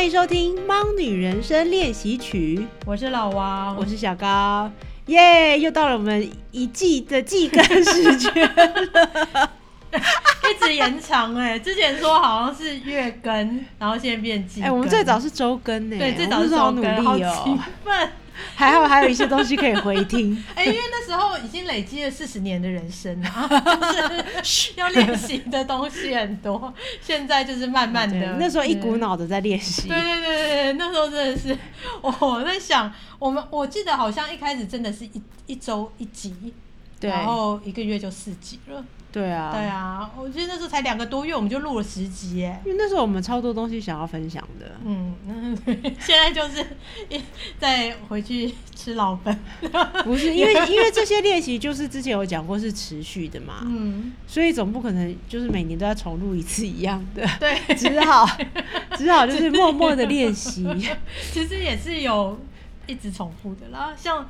歡迎收聽《茫女人生練習曲》，我是老王，我是小高，耶、yeah！又到了我們一季的季更時間， 一直延長、欸、之前說好像是月更，然後現在變季哎、欸。我們最早是周更呢，對，最早是週更，我們最早好努力喔。好期盼。 還好，還有一些東西可以回聽。 欸、因為那時候已經累積了四十年的人生，啊、 就是要練習的東西很多。 現在就是慢慢的，那時候一股腦的在練習。對對對對對，那時候真的是我在想，我們我記得好像一開始真的是一一周一集。對然後一個月就四集了，對啊，對啊，我記得那時候才兩個多月，我們就錄了十集耶。因為那時候我們超多東西想要分享的，嗯，嗯，現在就是一再回去吃老本。不是因為有因為這些練習就是之前有講過是持續的嘛，嗯，所以總不可能就是每年都要重錄一次一樣的，對，只好只好就是默默的練習，其實也是有一直重複的啦，像。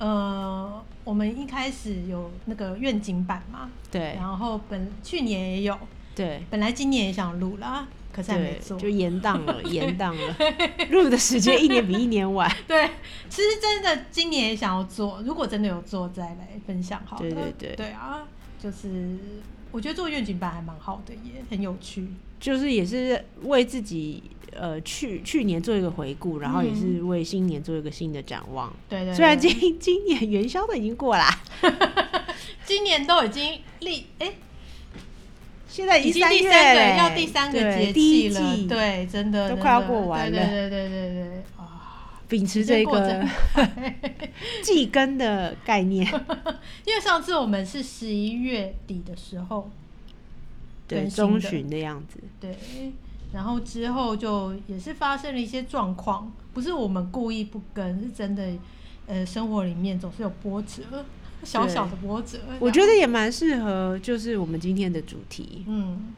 呃，我們一開始有那個願景版嘛，對，然後本去年也有，對，本來今年也想錄了，對可是還沒做，就延檔了， 延宕了，錄對的時間一年比一年晚。 對，其實真的今年也想要做，如果真的有做，再來分享好。好的，對對對，對啊，就是我覺得做願景版還蠻好的，也很有趣，就是也是為自己。呃，去去年做一個回顧，然後也是為新年做一個新的展望。嗯、對，對對。雖然今今年元宵都已經過了啦， 今年都已經立哎，現在已經第三個月要第三個節氣了。對，第一季對，真的就快都快要過完了。對對對對啊，哦、秉持這一個季 根的概念， 因為上次我們是十一月底的時候的，對中旬的樣子。對。然後之後就也是發生了一些狀況，不是我們故意不跟，是真的，呃，生活裡面總是有波折，小小的波折。對後我覺得也蠻適合，就是我們今天的主題。嗯，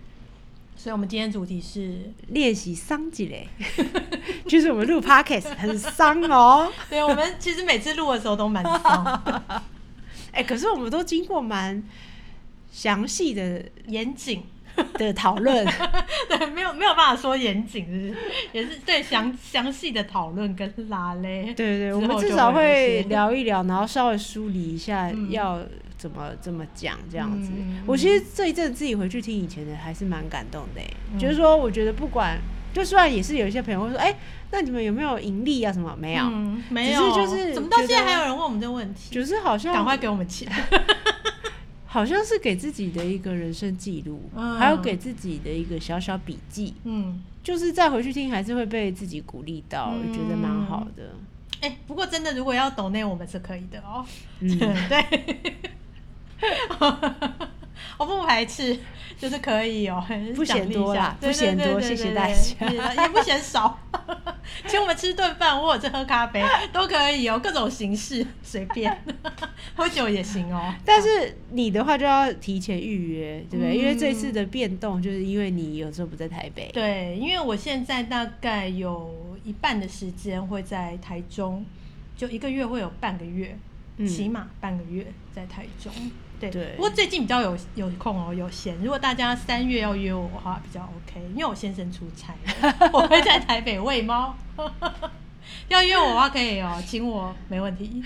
所以我們今天主題是練習鬆一下， 就是我們錄 podcast 很鬆哦。對，我們其實每次錄的時候都蠻鬆。哎、 欸，可是我們都經過蠻詳細的嚴謹。的討論， 對，沒有沒有辦法說嚴謹是不是？也是對詳詳細的討論跟拉嘞。對對，對我們至少會聊一聊，然後稍微梳理一下、嗯、要怎麼怎麼講這樣子。嗯、我其實這一陣自己回去聽以前的，還是蠻感動的。嗯、就是說，我覺得不管，就雖然也是有一些朋友會說，哎、欸，那你們有沒有盈利啊？什麼沒有？沒有，嗯、沒有只是就是怎麼到現在還有人問我們這個問題？就是好像趕快給我們錢。 好像是給自己的一個人生記錄，哦、還有給自己的一個小小筆記。嗯，就是再回去聽，還是會被自己鼓勵到，我、嗯、覺得蠻好的。哎、欸，不過真的，如果要 donate，我們是可以的哦。嗯， 對， 我不排斥。就是可以哦，不嫌多啦， 不嫌多，謝謝大家，也不嫌少， 請我們吃頓飯或者喝咖啡都可以哦，各種形式隨便，喝酒 也行哦。但是你的話就要提前預約，對不對？因為這次的變動就是因為你有時候不在台北。對，因為我現在大概有一半的時間會在台中，就一個月會有半個月，嗯、起碼半個月在台中。對，不過最近比較有有空哦，有閒。如果大家三月要約我的話，比較 OK，因為我先生出差，我會在台北餵貓。 要約我的話可以哦，請我沒問題。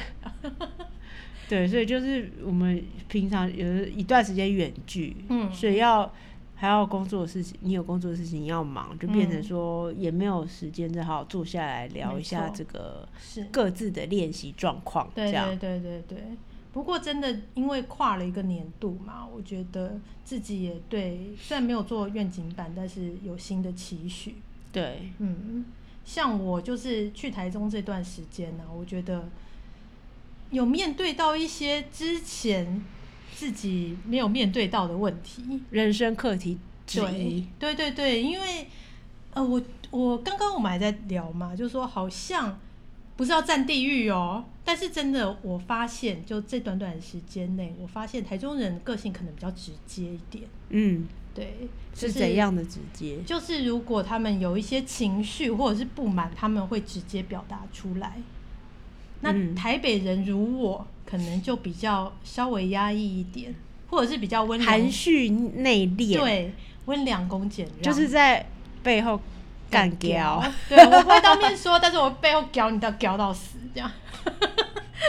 對，所以就是我們平常有一段時間遠距，嗯，所以要還要工作的事情，你有工作的事情要忙，就變成說也沒有時間再好好坐下來聊一下這個各自的練習狀況這樣。對對對對對。不過，真的因為跨了一個年度嘛，我覺得自己也對，雖然沒有做願景板，但是有新的期許。對，嗯，像我就是去台中這段時間呢、啊，我覺得有面對到一些之前自己沒有面對到的問題，人生課題，對，對對對，因為呃，我我剛剛我們還在聊嘛，就是說好像。不是要佔地域哦，但是真的，我發現就這短短時間內，我發現台中人個性可能比較直接一點。嗯，對，就是，是怎樣的直接？就是如果他們有一些情緒或者是不滿，他們會直接表達出來。那台北人如我，嗯，可能就比較稍微壓抑一點，或者是比較溫柔、含蓄內斂，對，溫良恭儉讓，就是在背後。幹譙、 啊！對，我會當面說， 但是我背後譙你到譙到死，這樣。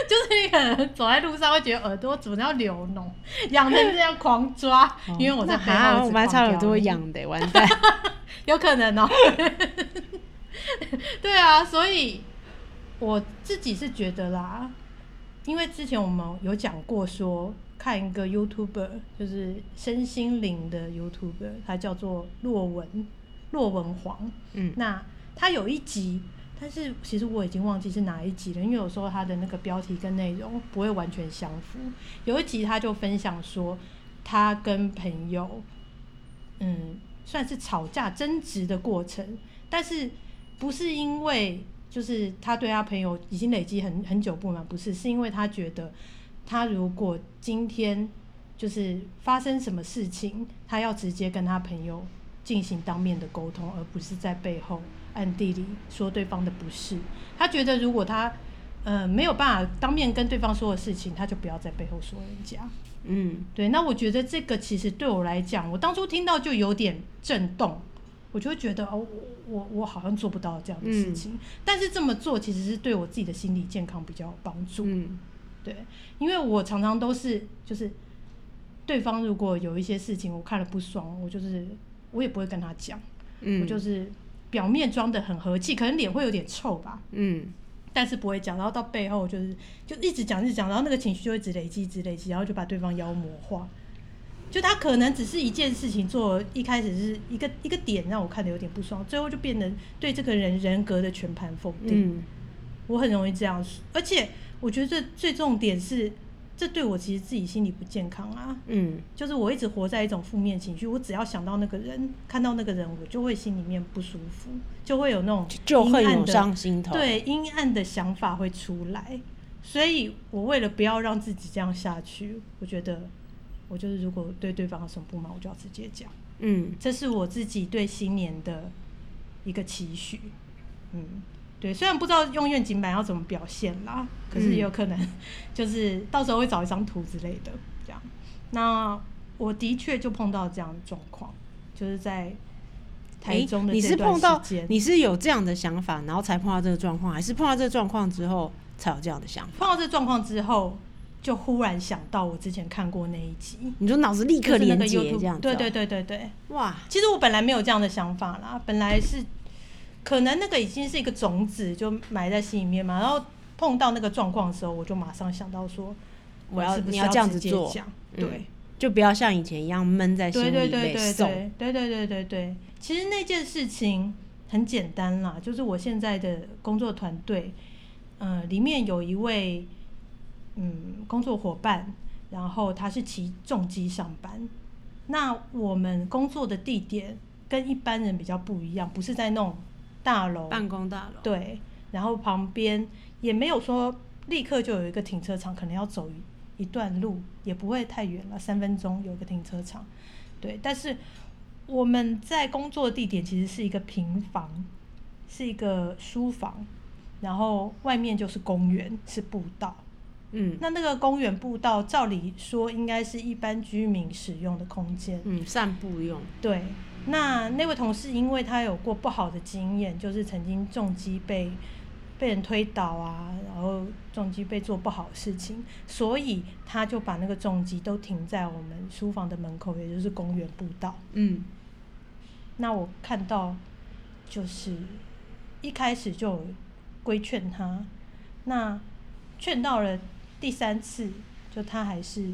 就是你可能走在路上會覺得耳朵怎麼要流膿，癢的這樣狂抓，嗯、因為我在背後哈。我蠻差，耳朵會癢的，完蛋， 有可能哦。 對啊，所以我自己是覺得啦，因為之前我們有講過說，說看一個 YouTuber，就是身心靈的 YouTuber，他叫做洛文。洛文煌，嗯，那他有一集，但是其實我已經忘記是哪一集了，因為有時候他的那個標題跟內容不會完全相符。有一集他就分享說，他跟朋友，嗯，算是吵架爭執的過程，但是不是因為就是他對他朋友已經累積很很久不滿，不是，是因為他覺得他如果今天就是發生什麼事情，他要直接跟他朋友。進行當面的溝通，而不是在背後暗地裡說對方的不是。他覺得，如果他呃沒有辦法當面跟對方說的事情，他就不要在背後說人家。嗯，對。那我覺得這個其實對我來講，我當初聽到就有點震動，我就會覺得哦，我我我好像做不到這樣的事情。嗯、但是這麼做其實是對我自己的心理健康比較有幫助。嗯，對，因為我常常都是就是，對方如果有一些事情我看了不爽，我就是。我也不會跟他講，嗯、我就是表面裝得很和氣，可能臉會有點臭吧，嗯，但是不會講，然後到背後就是就一直講一直講，然後那個情緒就一直累積，一直累積，然後就把對方妖魔化，就他可能只是一件事情做一開始是一個一個點讓我看得有點不爽，最後就變成對這個人人格的全盤否定，嗯、我很容易這樣子，而且我覺得最重點是。這對我其實自己心理不健康啊，嗯，就是我一直活在一種負面情緒，我只要想到那個人，看到那個人，我就會心裡面不舒服，就會有那種暗，就會湧上心頭，對，陰暗的想法會出來，所以我為了不要讓自己這樣下去，我覺得，我就是如果對對方有什麼不滿，我就要直接講，嗯，這是我自己對新年的一個期許，嗯。對，雖然不知道用願景板要怎麼表現啦，可是也有可能，就是到時候會找一張圖之類的這樣。那我的確就碰到這樣的狀況，就是在台中的這段時間。欸。你是碰到你是有這樣的想法，然後才碰到這個狀況，還是碰到這個狀況之後才有這樣的想法？碰到這狀況之後，就忽然想到我之前看過那一集，你就腦子立刻連接這樣。Tube, 對，對對對對對，哇！其實我本來沒有這樣的想法啦，本來是。可能那個已經是一個種子，就埋在心裡面嘛。然後碰到那個狀況的時候，我就馬上想到說，我要我是不是你要這樣子做，嗯、對，就不要像以前一樣悶在心裡面。對對對對對。其實那件事情很簡單啦，就是我現在的工作團隊，呃，裡面有一位，嗯，工作夥伴，然後他是騎重機上班。那我們工作的地點跟一般人比較不一樣，不是在那種。大樓辦公大樓對，然後旁邊也沒有說立刻就有一個停車場，可能要走一段路，也不會太遠了，三分鐘有一個停車場。對，但是我們在工作的地點其實是一個平房，是一個書房，然後外面就是公園，是步道。嗯，那那個公園步道照理說應該是一般居民使用的空間，嗯，散步用，對。那那位同事，因為他有過不好的經驗，就是曾經重機被被人推倒啊，然後重機被做不好的事情，所以他就把那個重機都停在我們書房的門口，也就是公園步道。嗯，那我看到就是一開始就規勸他，那勸到了第三次，就他還是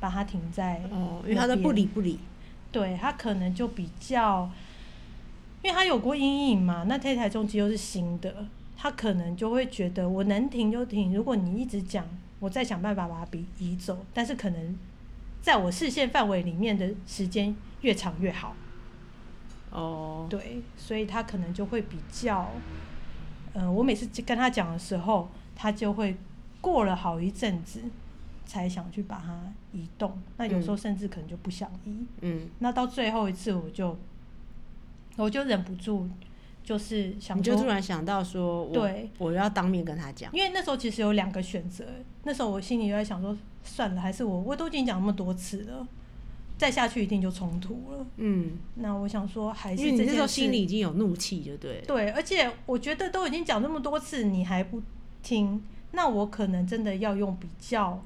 把它停在哦，因為他都不理不理。對他可能就比較，因為他有過陰影嘛，那這台重機又是新的，他可能就會覺得我能停就停。如果你一直講，我再想辦法把它移移走，但是可能在我視線範圍裡面的時間越長越好。哦，對，所以他可能就會比較，嗯，我每次跟他講的時候，他就會過了好一陣子，才想去把它移動，那有時候甚至可能就不想移。嗯，嗯，那到最後一次，我就，我就忍不住，就是想，你就突然想到說，對，我要當面跟他講。因為那時候其實有兩個選擇，那時候我心裡就在想說，算了，還是我，我都已經講那麼多次了，再下去一定就衝突了。嗯，那我想說，還是這因為你那時候心裡已經有怒氣，就對了，對，而且我覺得都已經講那麼多次，你還不聽，那我可能真的要用比較。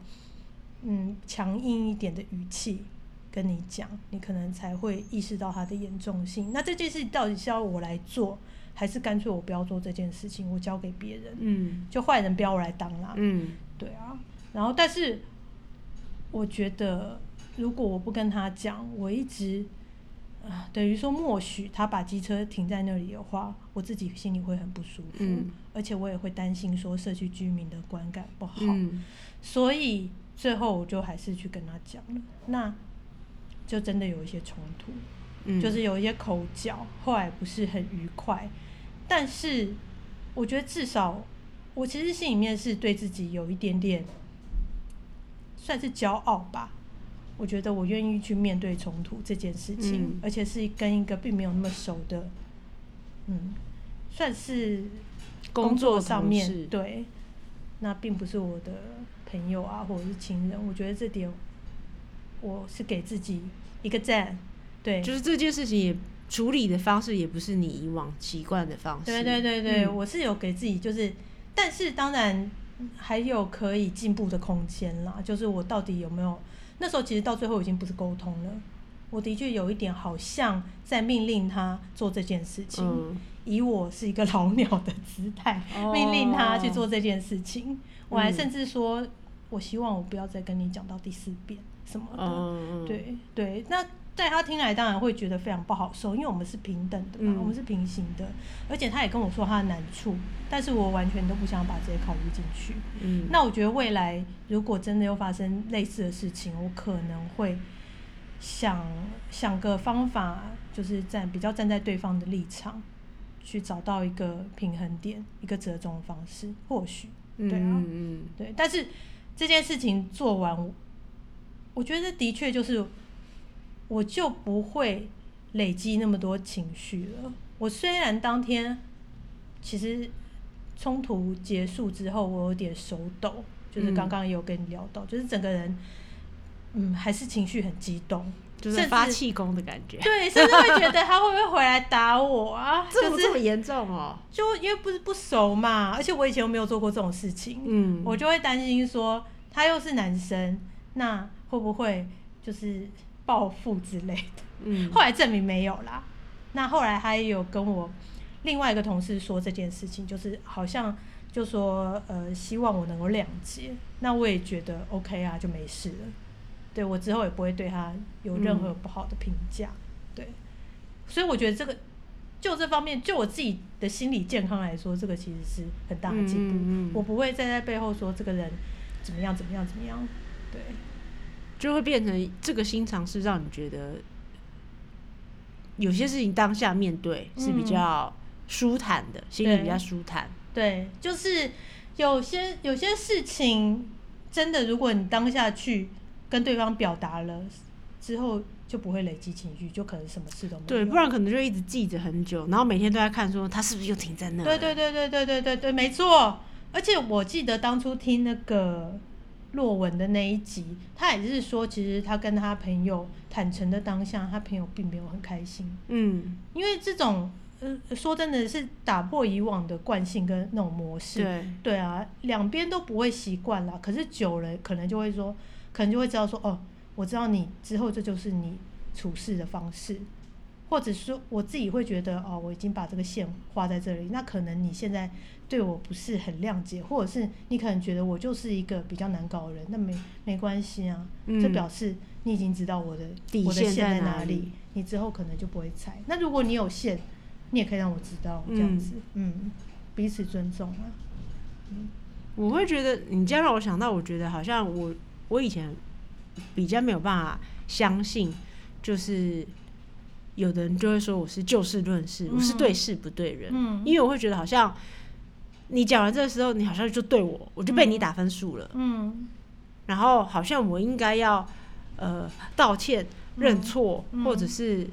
嗯，強硬一點的語氣跟你講，你可能才會意識到它的嚴重性。那這件事到底是要我來做，還是乾脆我不要做這件事情，我交給別人？嗯，就壞人不要我來當啦、啊。嗯，對啊。然後，但是我覺得，如果我不跟他講，我一直啊、呃，等於說默許他把機車停在那裡的話，我自己心裡會很不舒服，嗯、而且我也會擔心說社區居民的觀感不好。嗯、所以。最後我就還是去跟他講了，那就真的有一些衝突，嗯、就是有一些口角，後來不是很愉快。但是我覺得至少我其實心裡面是對自己有一點點算是驕傲吧。我覺得我願意去面對衝突這件事情，嗯、而且是跟一個並沒有那麼熟的，嗯，算是工作上面對，那並不是我的。朋友啊，或者是親人，我覺得這點，我是給自己一個讚。對，就是這件事情也處理的方式，也不是你以往習慣的方式。對對對對，嗯、我是有給自己，就是，但是當然還有可以進步的空間啦。就是我到底有沒有？那時候其實到最後已經不是溝通了。我的確有一點好像在命令他做這件事情，嗯、以我是一個老鳥的姿態、哦、命令他去做這件事情。我還甚至說。嗯我希望我不要再跟你講到第四遍什麼的，oh, 對對。那在他聽來當然會覺得非常不好受，因為我們是平等的嘛，嗯、我們是平行的，而且他也跟我說他的難處，但是我完全都不想把這些考慮進去。嗯、那我覺得未來如果真的又發生類似的事情，我可能會想想個方法，就是站比較站在對方的立場去找到一個平衡點，一個折中方式，或許。嗯、對啊，對。但是。這件事情做完，我覺得的確就是，我就不會累積那麼多情緒了。我雖然當天其實衝突結束之後，我有點手抖，就是剛剛有跟你聊到，嗯、就是整個人嗯還是情緒很激動，就是發氣功的感覺，對，甚至會覺得他會不會回來打我啊？這麼這麼嚴重哦？就因為不是不熟嘛，而且我以前又沒有做過這種事情，嗯，我就會擔心說。他又是男生，那會不會就是報復之類的？嗯，後來證明沒有啦。那後來他也有跟我另外一個同事說這件事情，就是好像就說呃，希望我能夠諒解。那我也覺得 OK 啊，就沒事了。對，我之後也不會對他有任何不好的評價。嗯，對，所以我覺得這個就這方面，就我自己的心理健康來說，這個其實是很大的進步。嗯嗯，我不會再在背後說這個人。怎麼樣？怎麼樣？怎麼樣？對，就會變成這個新嘗試，讓你覺得有些事情當下面對是比較舒坦的，嗯、心裡比較舒坦對。對，就是有些有些事情，真的如果你當下去跟對方表達了之後，就不會累積情緒，就可能什麼事都沒有。對，不然可能就一直記着很久，然後每天都在看，說他是不是又停在那？對對對對對對對對，沒錯。而且我記得當初聽那個落文的那一集，他也是說，其實他跟他朋友坦誠的當下，他朋友並沒有很開心。嗯，因為這種，呃，說真的是打破以往的慣性跟那種模式。對對啊，兩邊都不會習慣了。可是久了，可能就會說，可能就會知道說，哦，我知道你之後這就是你處事的方式，或者說我自己會覺得，哦，我已經把這個線畫在這裡，那可能你現在。對我不是很諒解，或者是你可能覺得我就是一個比較難搞的人，那沒沒關係啊，嗯、這表示你已經知道我的底線在哪裡，哪裡，嗯、你之後可能就不會踩。那如果你有線，你也可以讓我知道這樣子，嗯，嗯，彼此尊重啊。我會覺得你這樣讓我想到，我覺得好像我我以前比較沒有辦法相信，就是有的人就會說我是就事論事，我是對事不對人，嗯，嗯，因為我會覺得好像。你講完這個時候，你好像就對我，我就被你打分數了嗯。嗯，然後好像我應該要呃道歉認錯，嗯嗯、或者是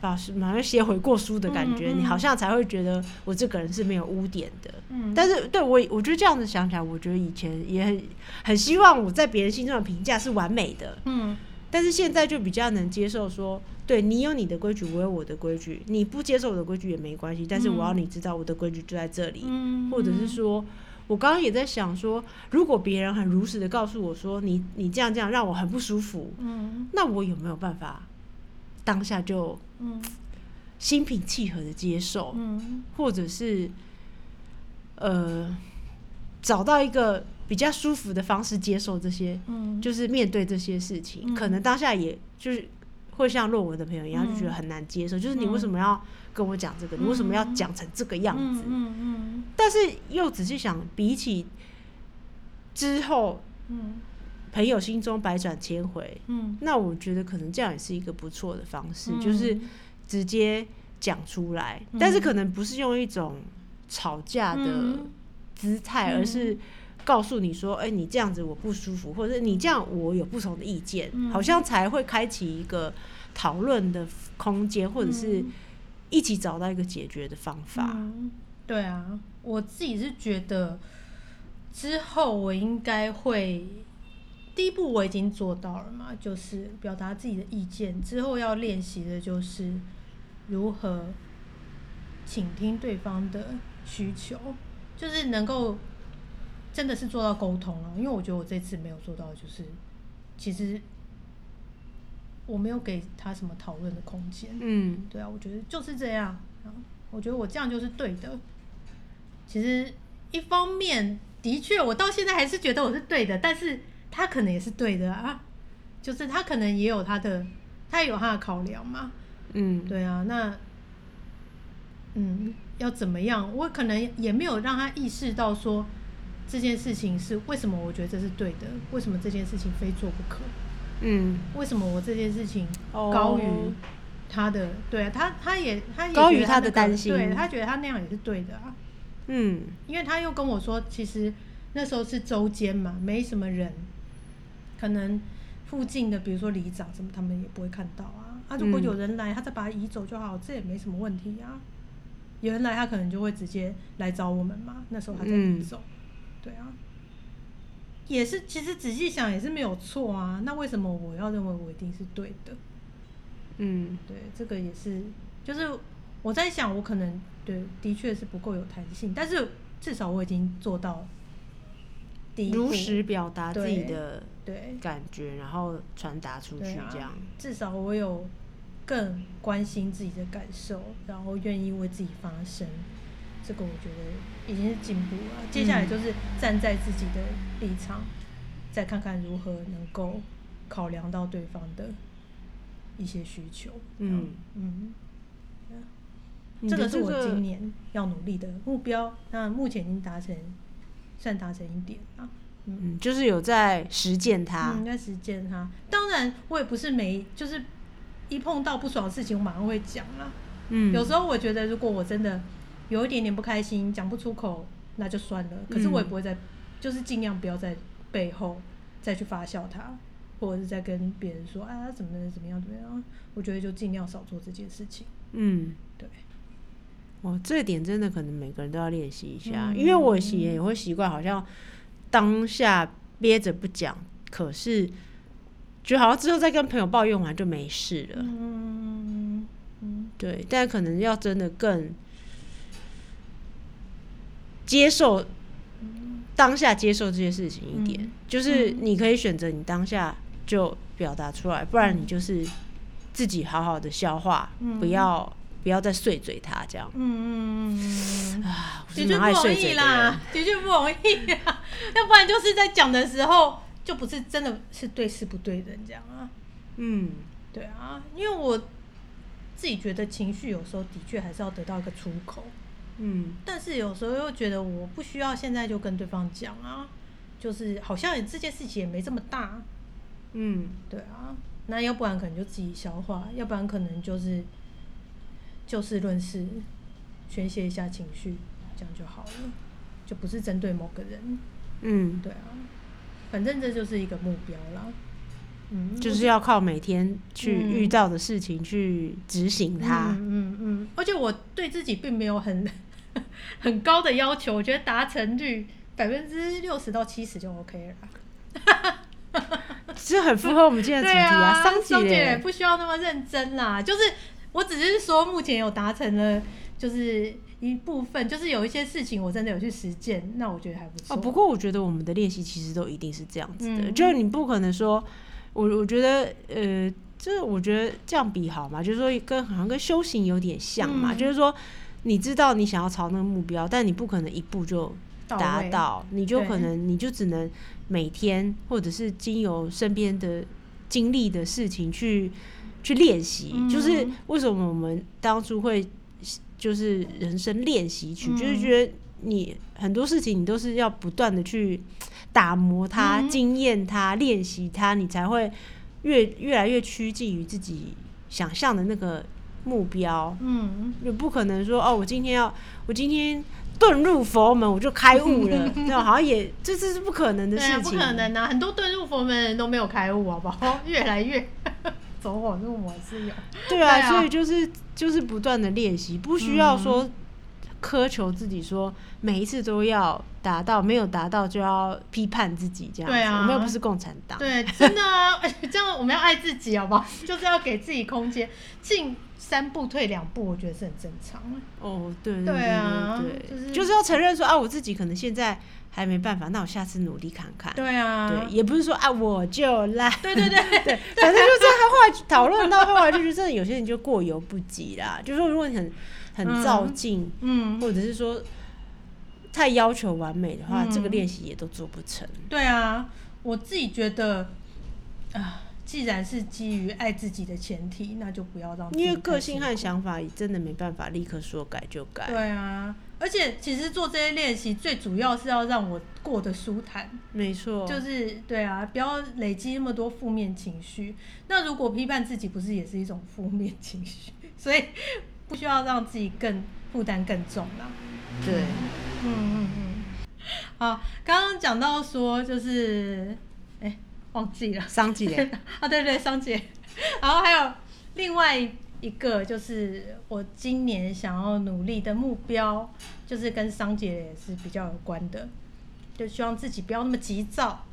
把什馬上寫悔過書的感覺，嗯嗯、你好像才會覺得我這個人是沒有污點的。嗯，但是對我，我覺得這樣子想起來，我覺得以前也很很希望我在別人心中的評價是完美的。嗯。但是現在就比較能接受說，說對你有你的規矩，我有我的規矩，你不接受我的規矩也沒關係。但是我要你知道我的規矩就在這裡，嗯、或者是說，我剛剛也在想說，說，如果別人很如實的告訴我說你你這樣這樣讓我很不舒服，嗯、那我有沒有辦法當下就、嗯、心平氣和的接受，嗯、或者是呃找到一個。比較舒服的方式接受這些，就是面對這些事情，可能當下也就是會像論文的朋友一樣，就覺得很難接受。就是你為什麼要跟我講這個？你為什麼要講成這個樣子？但是又仔細想，比起之後，朋友心中百轉千回，那我覺得可能這樣也是一個不錯的方式，就是直接講出來，但是可能不是用一種吵架的姿態，而是。告訴你說，誒、欸，你這樣子我不舒服，或者你這樣我有不同的意見，嗯、好像才會開啟一個討論的空間，嗯、或者是一起找到一個解決的方法。嗯、對啊，我自己是覺得之後我應該會第一步我已經做到了嘛，就是表達自己的意見。之後要練習的就是如何傾聽對方的需求，就是能夠。真的是做到溝通了，因為我覺得我這次沒有做到的，就是其實我沒有給他什麼討論的空間。嗯，對啊，我覺得就是這樣。我覺得我這樣就是對的。其實一方面的確，我到現在還是覺得我是對的，但是他可能也是對的啊，就是他可能也有他的，他也有他的考量嘛。嗯，對啊，那嗯，要怎麼樣？我可能也沒有讓他意識到說。這件事情是為什麼？我覺得這是對的，為什麼這件事情非做不可？嗯，為什麼我這件事情高於他的？哦、對、啊、他，他也他，也他、那個、高於他的擔心，對，他覺得他那樣也是對的啊。嗯，因為他又跟我說，其實那時候是周間嘛，沒什麼人，可能附近的比如說里長什麼，他們也不會看到啊。他、啊、如果有人來，他再把他移走就好，這也沒什麼問題啊。有人來，他可能就會直接來找我們嘛。那時候他在移走。嗯對啊，也是，其實仔細想也是沒有錯啊。那為什麼我要認為我一定是對的？嗯，對，這個也是，就是我在想，我可能對的確是不夠有彈性，但是至少我已經做到第一步。如實表達自己的對、對感覺，然後傳達出去，這樣，對啊，至少我有更關心自己的感受，然後願意為自己發聲。這個我覺得已經是進步了。接下來就是站在自己的立場，嗯、再看看如何能夠考量到對方的一些需求。嗯嗯，這個是我今年要努力的目標。那目前已經達成，算達成一點啦。嗯，就是有在實踐他。應該、嗯、實踐它。當然，我也不是每就是一碰到不爽的事情，我馬上會講啦。嗯，有時候我覺得，如果我真的。有一點點不開心，講不出口，那就算了。可是我也不會再，嗯、就是盡量不要在背後再去發酵他，或者是在跟別人說啊怎麼怎麼樣怎麼樣。我覺得就盡量少做這件事情。嗯，對。哦，這點真的可能每個人都要練習一下，嗯、因為我也會習慣，好像當下憋着不講，可是就好像之後再跟朋友抱怨完就沒事了。嗯，嗯對。但可能要真的更。接受當下，接受這些事情一點，嗯、就是你可以選擇你當下就表達出來，嗯、不然你就是自己好好的消化，嗯、不要不要再碎嘴他這樣。嗯嗯嗯。啊，的確不容易啦，的確不容易啊，要不然就是在講的時候就不是真的是對事不對人這樣啊。嗯，對啊，因為我自己覺得情緒有時候的確還是要得到一個出口。嗯，但是有時候又覺得我不需要現在就跟對方講啊，就是好像這件事情也沒這麼大，嗯，嗯，對啊，那要不然可能就自己消化，要不然可能就是就是論事，宣洩一下情緒，這樣就好了，就不是針對某個人，嗯，對啊，反正這就是一個目標啦，嗯，就是要靠每天去遇到的事情去執行它，嗯，嗯嗯嗯，嗯，嗯，而且我對自己並沒有很，很高的要求，我覺得達成率百分之六十到七十就 OK 了。其 實很符合我們今天的主題啊，張姐、 啊、不需要那麼認真啦。就是我只是說目前有達成了，就是一部分，就是有一些事情我真的有去實踐，那我覺得還不錯。哦，不過我覺得我們的練習其實都一定是這樣子的，嗯、就是你不可能說，我我覺得呃，就我覺得這樣比好嘛，就是說跟好像跟，跟修行有點像嘛，嗯、就是說。你知道你想要朝那個目標，但你不可能一步就達到，到位，你就可能你就只能每天或者是經由身邊的經歷的事情去去練習。嗯、就是為什麼我們當初會就是人生練習曲，嗯、就是覺得你很多事情你都是要不斷的去打磨它，嗯、經驗它，練習它，你才會越越來越趨近於自己想象的那個。目標，嗯，也不可能說哦，我今天要，我今天遁入佛門，我就開悟了，那 好像也，這次是不可能的事情，啊、不可能啊！很多遁入佛門的人都沒有開悟，好不好？ 越來越 走火入魔是有，對啊，對啊，所以就是就是不斷的練習，不需要說、嗯、苛求自己說，說每一次都要達到，沒有達到就要批判自己，這樣子。對啊，我們又不是共產黨，對，真的、啊、 這樣我們要愛自己，好不好？就是要給自己空間進。三步退兩步，我覺得是很正常、啊。哦，對，對，對，對，對，對啊，就是就是要承認說啊，我自己可能現在還沒辦法，那我下次努力看看。對啊，對，也不是說啊我就爛，對對對， 對，反正就是他後來 討論到後來，就覺得有些人就過猶不及啦。就是說，如果你很很躁進，嗯，嗯，或者是說太要求完美的話，嗯、這個練習也都做不成。對啊，我自己覺得啊。既然是基於愛自己的前提，那就不要讓自己因為個性和想法真的沒辦法立刻說改就改。對啊，而且其實做這些練習，最主要是要讓我過得舒坦。沒錯，就是對啊，不要累積那麼多負面情緒。那如果批判自己，不是也是一種負面情緒？所以不需要讓自己更負擔更重了。嗯、對，嗯嗯嗯。好，剛剛講到說就是。忘記了桑姐 啊，對對對，桑姐。 然後還有另外一個，就是我今年想要努力的目標，就是跟桑姐也是比較有關的，就希望自己不要那麼急躁，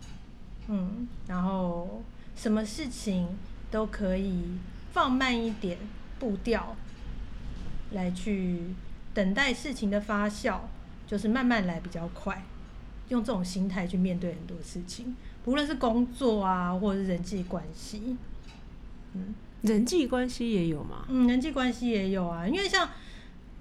嗯，然後什麼事情都可以放慢一點步調，來去等待事情的發酵，就是慢慢來比較快，用這種心態去面對很多事情。無論是工作啊，或者是人際關係，嗯，人際關係也有嘛？嗯，人際關係也有啊，因為像，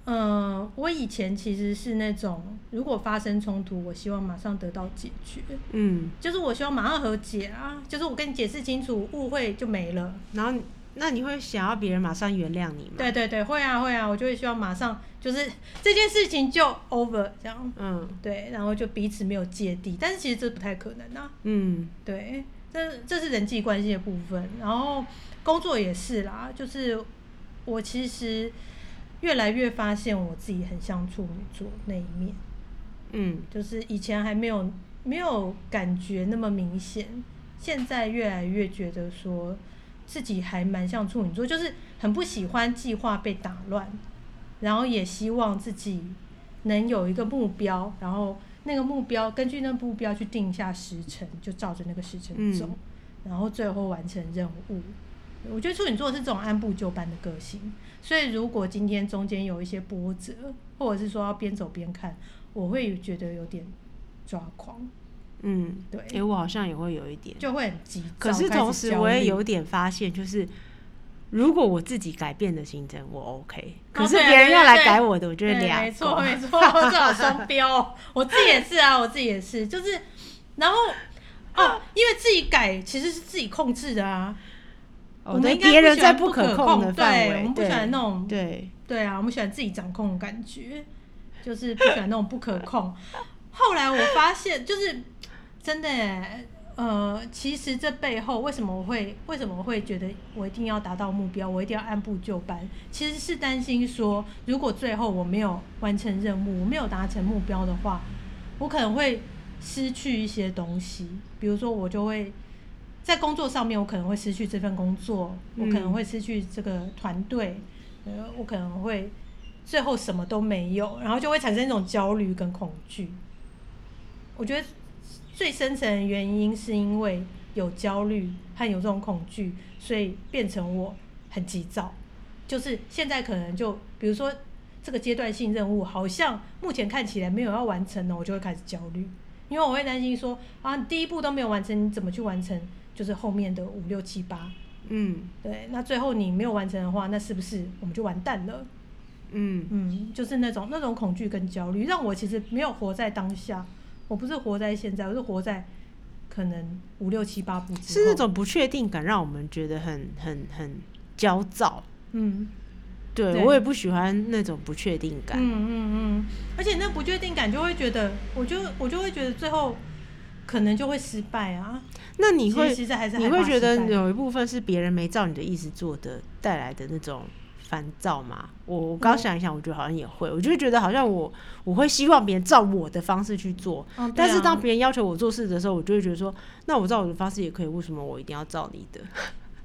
呃，我以前其實是那種，如果發生衝突，我希望馬上得到解決，嗯，就是我希望馬上和解啊，就是我跟你解釋清楚，誤會就沒了，然後。那你會想要別人馬上原諒你嗎？對對對，會啊會啊，我就會希望馬上就是這件事情就 over 這樣。嗯，對，然後就彼此沒有芥蒂，但是其實這不太可能啊。嗯，對，這這是人際關係的部分，然後工作也是啦，就是我其實越來越發現我自己很像處女座那一面。嗯，就是以前還沒有沒有感覺那麼明顯，現在越來越覺得說。自己還蠻像處女座，就是很不喜歡計劃被打亂，然後也希望自己能有一個目標，然後那個目標根據那個目標去定下時辰，就照着那個時辰走，然後最後完成任務。嗯、我覺得處女座是這種按部就班的個性，所以如果今天中間有一些波折，或者是說要邊走邊看，我會覺得有點抓狂。嗯，對，哎，我好像也會有一點，就會很急。可是同時我也有點發現，就是如果我自己改變的行程，我 OK。可是別人要來改我的，我覺得兩沒錯沒錯，這好雙標。我自己也是啊，我自己也是，就是然後哦，因為自己改其實是自己控制的啊。我們別人在不可控的範圍，我們不喜歡那種對對啊，我們喜歡自己掌控的感覺，就是不喜歡那種不可控。後來我發現，就是。真的誒，呃，其實這背後為什麼我會，為什麼我會覺得我一定要達到目標，我一定要按部就班，其實是擔心說，如果最後我沒有完成任務，我沒有達成目標的話，我可能會失去一些東西，比如說我就會在工作上面，我可能會失去這份工作，我可能會失去這個團隊，呃、嗯，我可能會最後什麼都沒有，然後就會產生一種焦慮跟恐懼，我覺得。最深層的原因是因為有焦慮和有這種恐懼，所以變成我很急躁。就是現在可能就，比如說這個階段性任務，好像目前看起來沒有要完成了，我就會開始焦慮，因為我會擔心說啊，第一步都沒有完成，你怎麼去完成？就是後面的五六七八。嗯，對。那最後你沒有完成的話，那是不是我們就完蛋了？嗯嗯，就是那種那種恐懼跟焦慮，讓我其實沒有活在當下。我不是活在現在，我是活在可能五六七八步之後。是那種不確定感，讓我們覺得很很很焦躁。嗯，對，對我也不喜歡那種不確定感。嗯嗯嗯，而且那不確定感就會覺得，我就我就會覺得最後可能就會失敗啊。那你會，你會覺得有一部分是別人沒照你的意思做的，帶來的那種。煩躁嘛？我我剛想一想，我覺得好像也會，嗯、我就覺得好像我我會希望別人照我的方式去做，嗯哦啊、但是當別人要求我做事的時候，我就會覺得說，那我照我的方式也可以，為什麼我一定要照你的？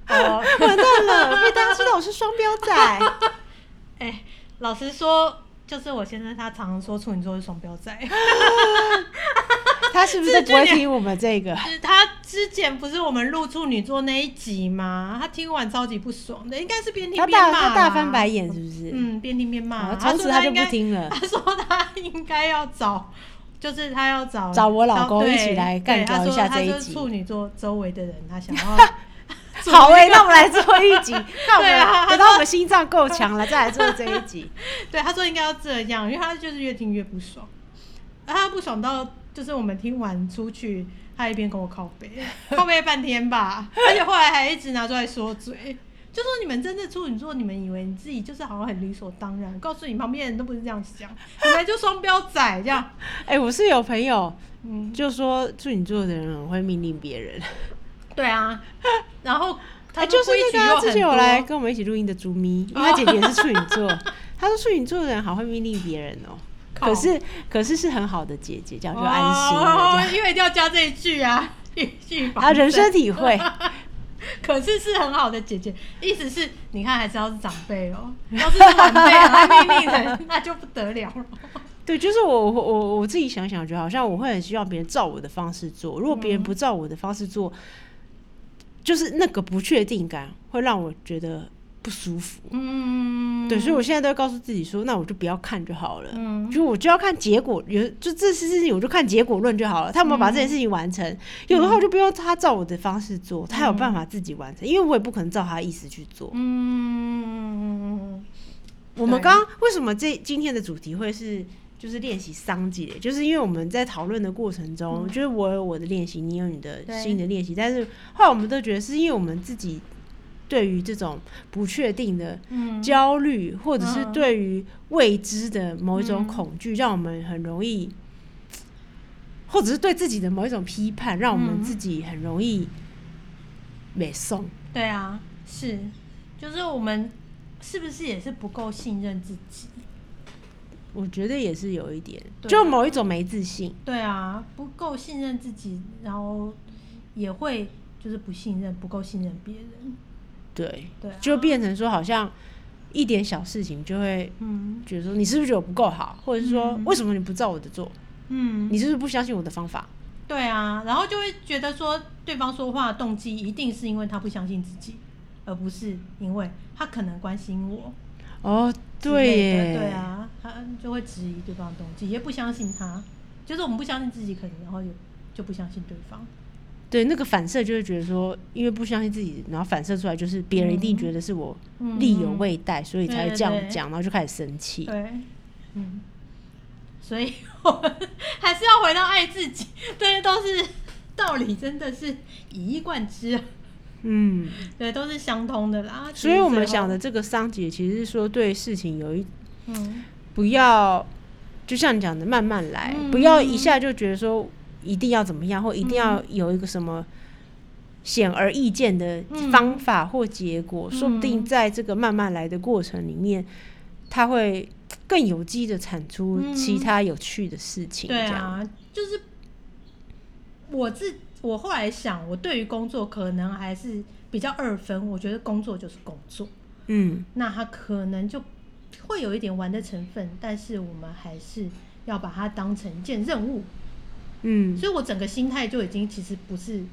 哦，完蛋 了，被大家知道我是雙標仔。哎、 欸，老實說，就是我先生他常說處女座是雙標仔。 他是不是不會聽我們這個？是是他之前不是我們錄處女座那一集嗎？他聽完超級不爽的，應該是邊聽邊罵、啊，他大，他大翻白眼是不是？嗯，邊聽邊罵、啊。從、哦、此他就不聽了。他說他應該要找，就是他要找找我老公一起來幹譙一下這一集。他說他是處女座周圍的人，他想要、 那個。好誒、欸，那我們來做一集。那我們、啊、等到我們心臟夠強了， 再來做這一集。對，他說應該要這樣，因為他就是越聽越不爽，他不爽到。就是我們聽完出去，他一邊跟我靠北，靠北半天吧， 而且後來還一直拿出來說嘴，就說，你們真的處女座，你們以為你自己就是好像很理所當然，我告訴你旁邊人都不是這樣想，本來就雙標仔這樣。哎、欸，我是有朋友，嗯，就說處女座的人很會命令別人，對啊，然後他、欸、就是一個之前有來跟我們一起錄音的豬咪，因為他姐姐是處女座，哦、他說處女座的人好會命令別人哦。可是，哦、可是是很好的姐姐，這樣就安心、哦哦、因為一定要加這一句啊，一句啊，人生體會呵呵。可是是很好的姐姐，意思是你看，還知道是長輩哦。要是晚輩來命令人，那就不得了了。對，就是我，我，我我自己想想，覺得好像我會很希望別人照我的方式做。如果別人不照我的方式做，嗯、就是那個不確定感會讓我覺得。不舒服，嗯，對，所以我現在都要告訴自己說，那我就不要看就好了。嗯，就我就要看結果，有就這件事情，我就看結果論就好了。他有沒有把這件事情完成？嗯、有的話，我就不用他照我的方式做，他有辦法自己完成，嗯、因為我也不可能照他的意思去做。嗯，我們剛剛對為什麼這今天的主題會是就是練習鬆一下？就是因為我們在討論的過程中，嗯、就是我有我的練習，你有你的新的練習，對但是後來我們都覺得是因為我們自己。對於這種不確定的焦慮，嗯、或者是對於未知的某一種恐懼，嗯、讓我們很容易，或者是對自己的某一種批判，讓我們自己很容易沒鬆。嗯、對啊，是，就是我們是不是也是不夠信任自己？我覺得也是有一點，啊、就某一種沒自信。對啊，不夠信任自己，然後也會就是不信任，不夠信任別人。對，就變成說好像一點小事情就會，嗯，覺得說你是不是覺得我不夠好，嗯、或者是說為什麼你不照我的做？嗯，你是不是不相信我的方法？對啊，然後就會覺得說對方說話的動機一定是因為他不相信自己，而不是因為他可能關心我。哦，對耶，對啊，他就會質疑對方的動機，也不相信他，就是我們不相信自己可能，然後就就不相信對方。對，那個反射就是覺得說，因為不相信自己，然後反射出來就是別人一定覺得是我力有未逮，嗯嗯、所以才會這樣講，對對對，然後就開始生氣。對、嗯，所以我們還是要回到愛自己，這些都是道理，真的是以一貫之、啊。嗯，對，都是相通的啦。所以我們想的這個商姐，其實是說對事情有一，嗯，不要就像你講的慢慢來，嗯、不要一下就覺得說。嗯一定要怎麼樣，或一定要有一個什麼顯而易見的方法或結果，嗯、說不定在這個慢慢來的過程裡面，嗯、它會更有機的產出其他有趣的事情。對啊，就是我自我後來想，我對於工作可能還是比較二分。我覺得工作就是工作，嗯，那它可能就會有一點玩的成分，但是我們還是要把它當成一件任務。嗯，所以我整個心態就已經其實不是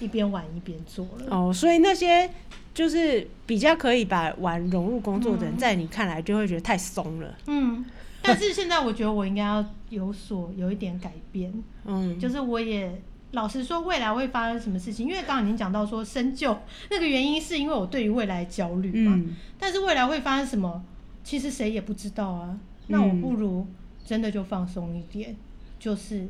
一邊玩一邊做了哦，所以那些就是比較可以把玩融入工作的人，在你看來就會覺得太鬆了。嗯，但是現在我覺得我應該要有所有一點改變。嗯， 就是我也老實說，未來會發生什麼事情？因為剛剛已經講到說，深究那個原因是因為我對於未來焦慮嘛。嗯，但是未來會發生什麼？其實誰也不知道啊。那我不如真的就放鬆一點，嗯，就是。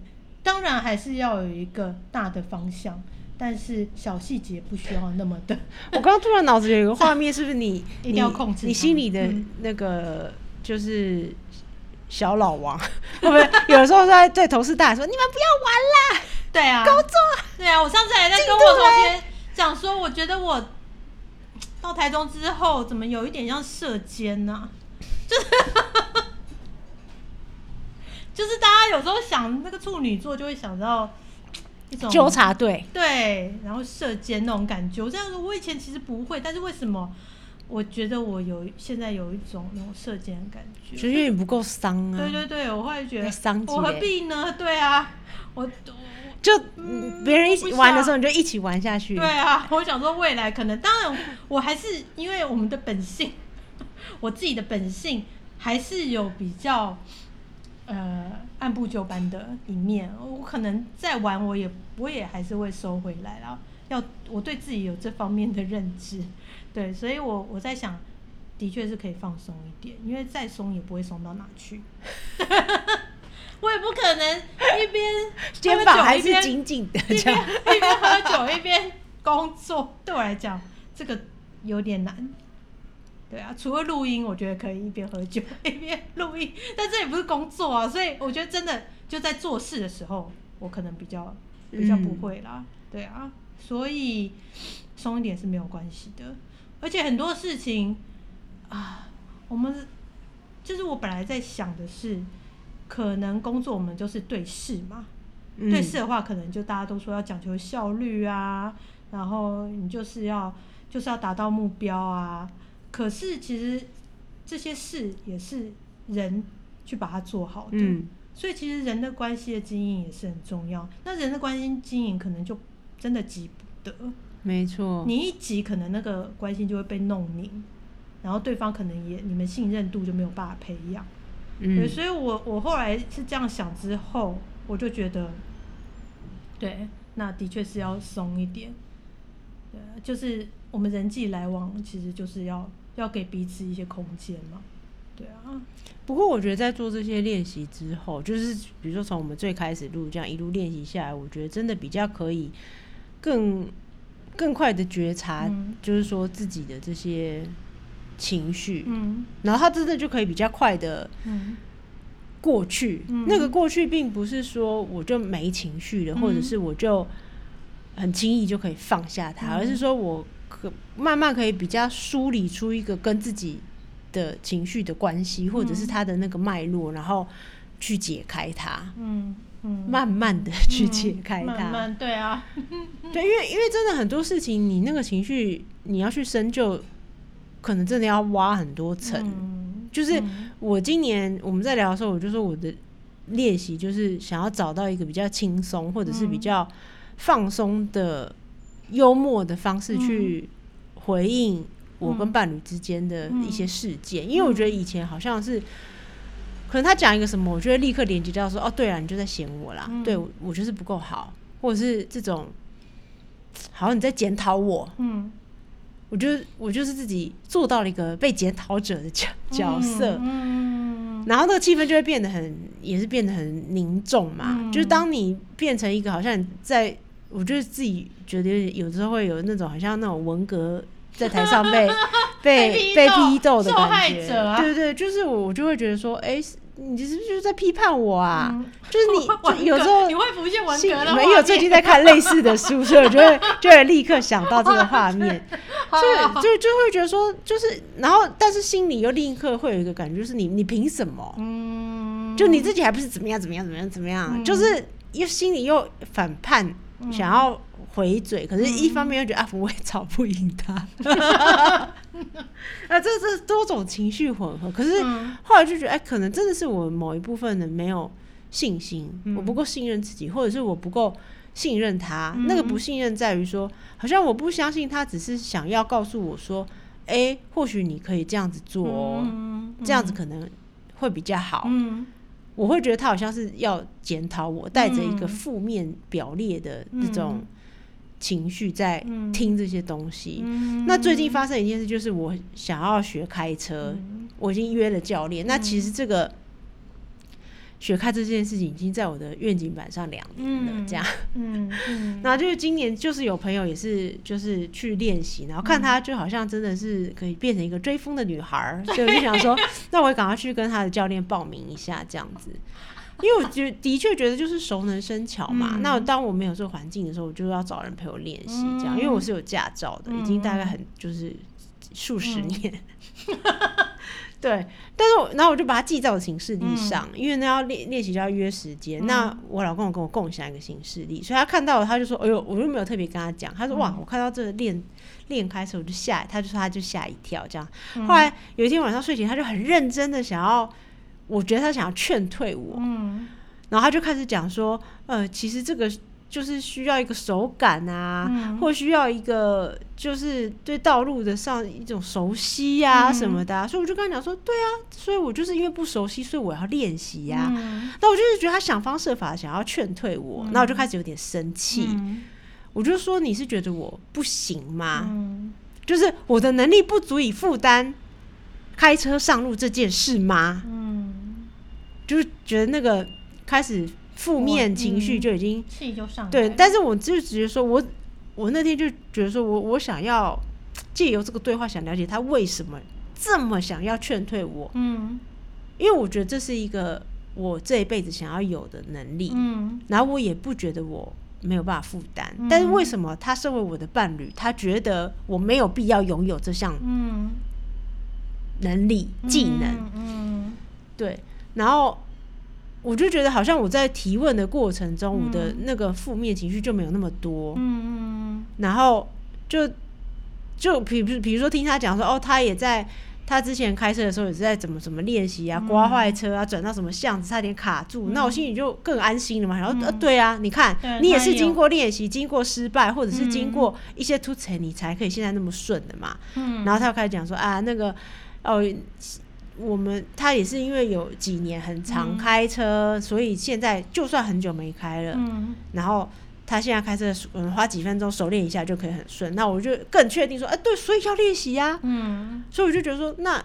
當然還是要有一個大的方向，但是小細節不需要那麼的。我剛剛突然腦子有一個畫面，啊、是不是你一定要控制你心裡的那個就是小老王，會不會、嗯、有的時候在對同事大說：“ 你們不要玩了。”對啊，工作。對啊，我上次還在跟我同學講說，我覺得我到台中之後，怎麼有一點像射奸呢、啊？就是。 就是大家有時候想那個處女座，就會想到一種糾察隊，對，然後射箭那種感覺。這樣子，我以前其實不會，但是為什麼我覺得我有現在有一種那種射箭的感覺？就是因為你不夠傷啊！對對對，我會覺得，傷我何必呢？對啊，我就別人一起玩的時候，你就一起玩下去。對啊，我想說未來可能，當然我還是因為我們的本性，我自己的本性還是有比較。呃，按部就班的一面，我可能再玩，我也我也還是會收回來了。要我對自己有這方面的認知，對，所以我我在想，的確是可以放鬆一點，因為再鬆也不會鬆到哪去。 我也不可能一邊喝個酒，肩膀還是緊緊的這樣， 一邊喝酒一邊工作，對我來講這個有點難。對啊，除了錄音，我覺得可以一邊喝酒一邊錄音，但這也不是工作啊，所以我覺得真的就在做事的時候，我可能比較比較不會啦。嗯、對啊，所以鬆一點是沒有關係的，而且很多事情啊，我們就是我本來在想的是，可能工作我們就是對事嘛，嗯、對事的話，可能就大家都說要講求效率啊，然後你就是要就是要達到目標啊。可是其實這些事也是人去把它做好的，嗯、所以其實人的關係的經營也是很重要。那人的關係經營可能就真的急不得，沒錯。你一急，可能那個關係就會被弄擰，然後對方可能也你們信任度就沒有辦法培養、嗯。對，所以我我後來是這樣想之後，我就覺得，對，那的確是要鬆一點，對，就是。我們人際來往其實就是要要給彼此一些空間嘛，對啊。不過我覺得在做這些練習之後，就是比如說從我們最開始錄這樣一路練習下來，我覺得真的比較可以更更快的覺察，嗯、就是說自己的這些情緒，嗯，然後他真的就可以比較快的過去。嗯、那個過去並不是說我就沒情緒了，嗯、或者是我就很輕易就可以放下它，嗯、而是說我。慢慢可以比較梳理出一個跟自己的情緒的關係，或者是他的那個脈絡，然後去解開它。慢慢的去解開它。對啊，對，因為因為真的很多事情，你那個情緒你要去深究，可能真的要挖很多層。就是我今年我們在聊的時候，我就說我的練習就是想要找到一個比較輕鬆，或者是比較放鬆的。幽默的方式去回應我跟伴侶之間的一些事件，嗯嗯嗯、因為我覺得以前好像是，可能他講一個什麼，我就會立刻聯結到說，哦，對啊，你就在嫌我啦，嗯、對我就是不夠好，或者是這種好像你在檢討我，嗯，我就我就是自己做到了一個被檢討者的角角色嗯，嗯，然後那個氣氛就會變得很，也是變得很凝重嘛，嗯、就是當你變成一個好像在。我就自己覺得，有時候會有那種好像那種文革在台上被 被被批鬥的感覺，啊、對，對對，就是我就會覺得說，哎、欸，你是不是就在批判我啊？嗯，就是你就有時候你會浮現文革了，沒有？最近在看類似的書， 所以我就會就會立刻想到這個畫面， 好啊、好，就就就會覺得說，就是然後，但是心裡又立刻會有一個感覺，就是你你憑什麼？嗯，就你自己還不是怎麼樣怎麼樣怎麼樣怎麼樣？嗯，就是又心裡又反叛。想要回嘴，嗯、可是，一方面又覺得啊，嗯、我也吵不贏他。 那這是多種情緒混合。可是後來就覺得，哎、欸，可能真的是我某一部分的沒有信心，嗯、我不夠信任自己，或者是我不夠信任他。嗯、那個不信任在於說，好像我不相信他，只是想要告訴我說，哎、欸，或許你可以這樣子做哦，嗯、這樣子可能會比較好。嗯嗯我會覺得他好像是要檢討我，帶着、嗯、一個負面表列的這種情緒在聽這些東西。嗯嗯、那最近發生一件事，就是我想要學開車，嗯、我已經約了教練。嗯、那其實這個。學開這件事情已經在我的願景板上兩年了，嗯、這樣。嗯那、嗯、 就是今年就是有朋友也是就是去練習，然後看她就好像真的是可以變成一個追風的女孩，嗯、所以我就想說，對那我也趕快去跟他的教練報名一下這樣子。因為我覺得 的確覺得就是熟能生巧嘛。嗯、那我當我沒有這個環境的時候，我就要找人陪我練習這樣，嗯、因為我是有駕照的，嗯、已經大概很就是數十年。嗯 對，但是我然後我就把它記在行事曆上，嗯、因為那要練練習就要約時間。嗯、那我老公有跟我共享一個行事曆，嗯、所以他看到了，他就說：“哎呦，我又沒有特別跟他講。”他說：“嗯、哇，我看到這個練練開始，我就嚇，他就說他就嚇一跳。”這樣，嗯、後來有一天晚上睡前，他就很認真的想要，我覺得他想要勸退我，嗯，然後他就開始講說：“呃，其實這個。”就是需要一個手感啊，嗯、或需要一個就是對道路的上一種熟悉呀、啊、什麼的、啊，嗯、所以我就跟他講說，對啊，所以我就是因為不熟悉，所以我要練習呀。那、嗯、我就是覺得他想方設法想要勸退我，那、嗯、我就開始有點生氣。嗯、我就說，你是覺得我不行嗎？嗯、就是我的能力不足以負擔開車上路這件事嗎？嗯，就是覺得那個開始。負面情緒就已經，對，但是我就直接說，我我那天就覺得，說我我想要借由這個對話，想了解他為什麼這麼想要勸退我。嗯，因為我覺得這是一個我這一輩子想要有的能力。嗯，然後我也不覺得我沒有辦法負擔，但是為什麼他身為我的伴侶，他覺得我沒有必要擁有這項嗯能力技能？嗯，對，然後。我就覺得好像我在提問的過程中，我的那個負面情緒就沒有那麼多。嗯。然後就就比如比如說聽他講說，哦，他也在他之前開車的時候也是在怎麼怎麼練習啊，刮壞車啊，轉到什麼巷子差點卡住，那我心裡就更安心了嘛。然後呃對啊，你看你也是經過練習、經過失敗，或者是經過一些凸槌，你才可以現在那麼順的嘛。嗯。然後他又開始講說啊那個哦。我們他也是因為有幾年很常開車，嗯、所以現在就算很久沒開了，嗯、然後他現在開車嗯花幾分鐘熟練一下就可以很順，那我就更確定說，哎、欸、對，所以要練習呀，嗯，所以我就覺得說，那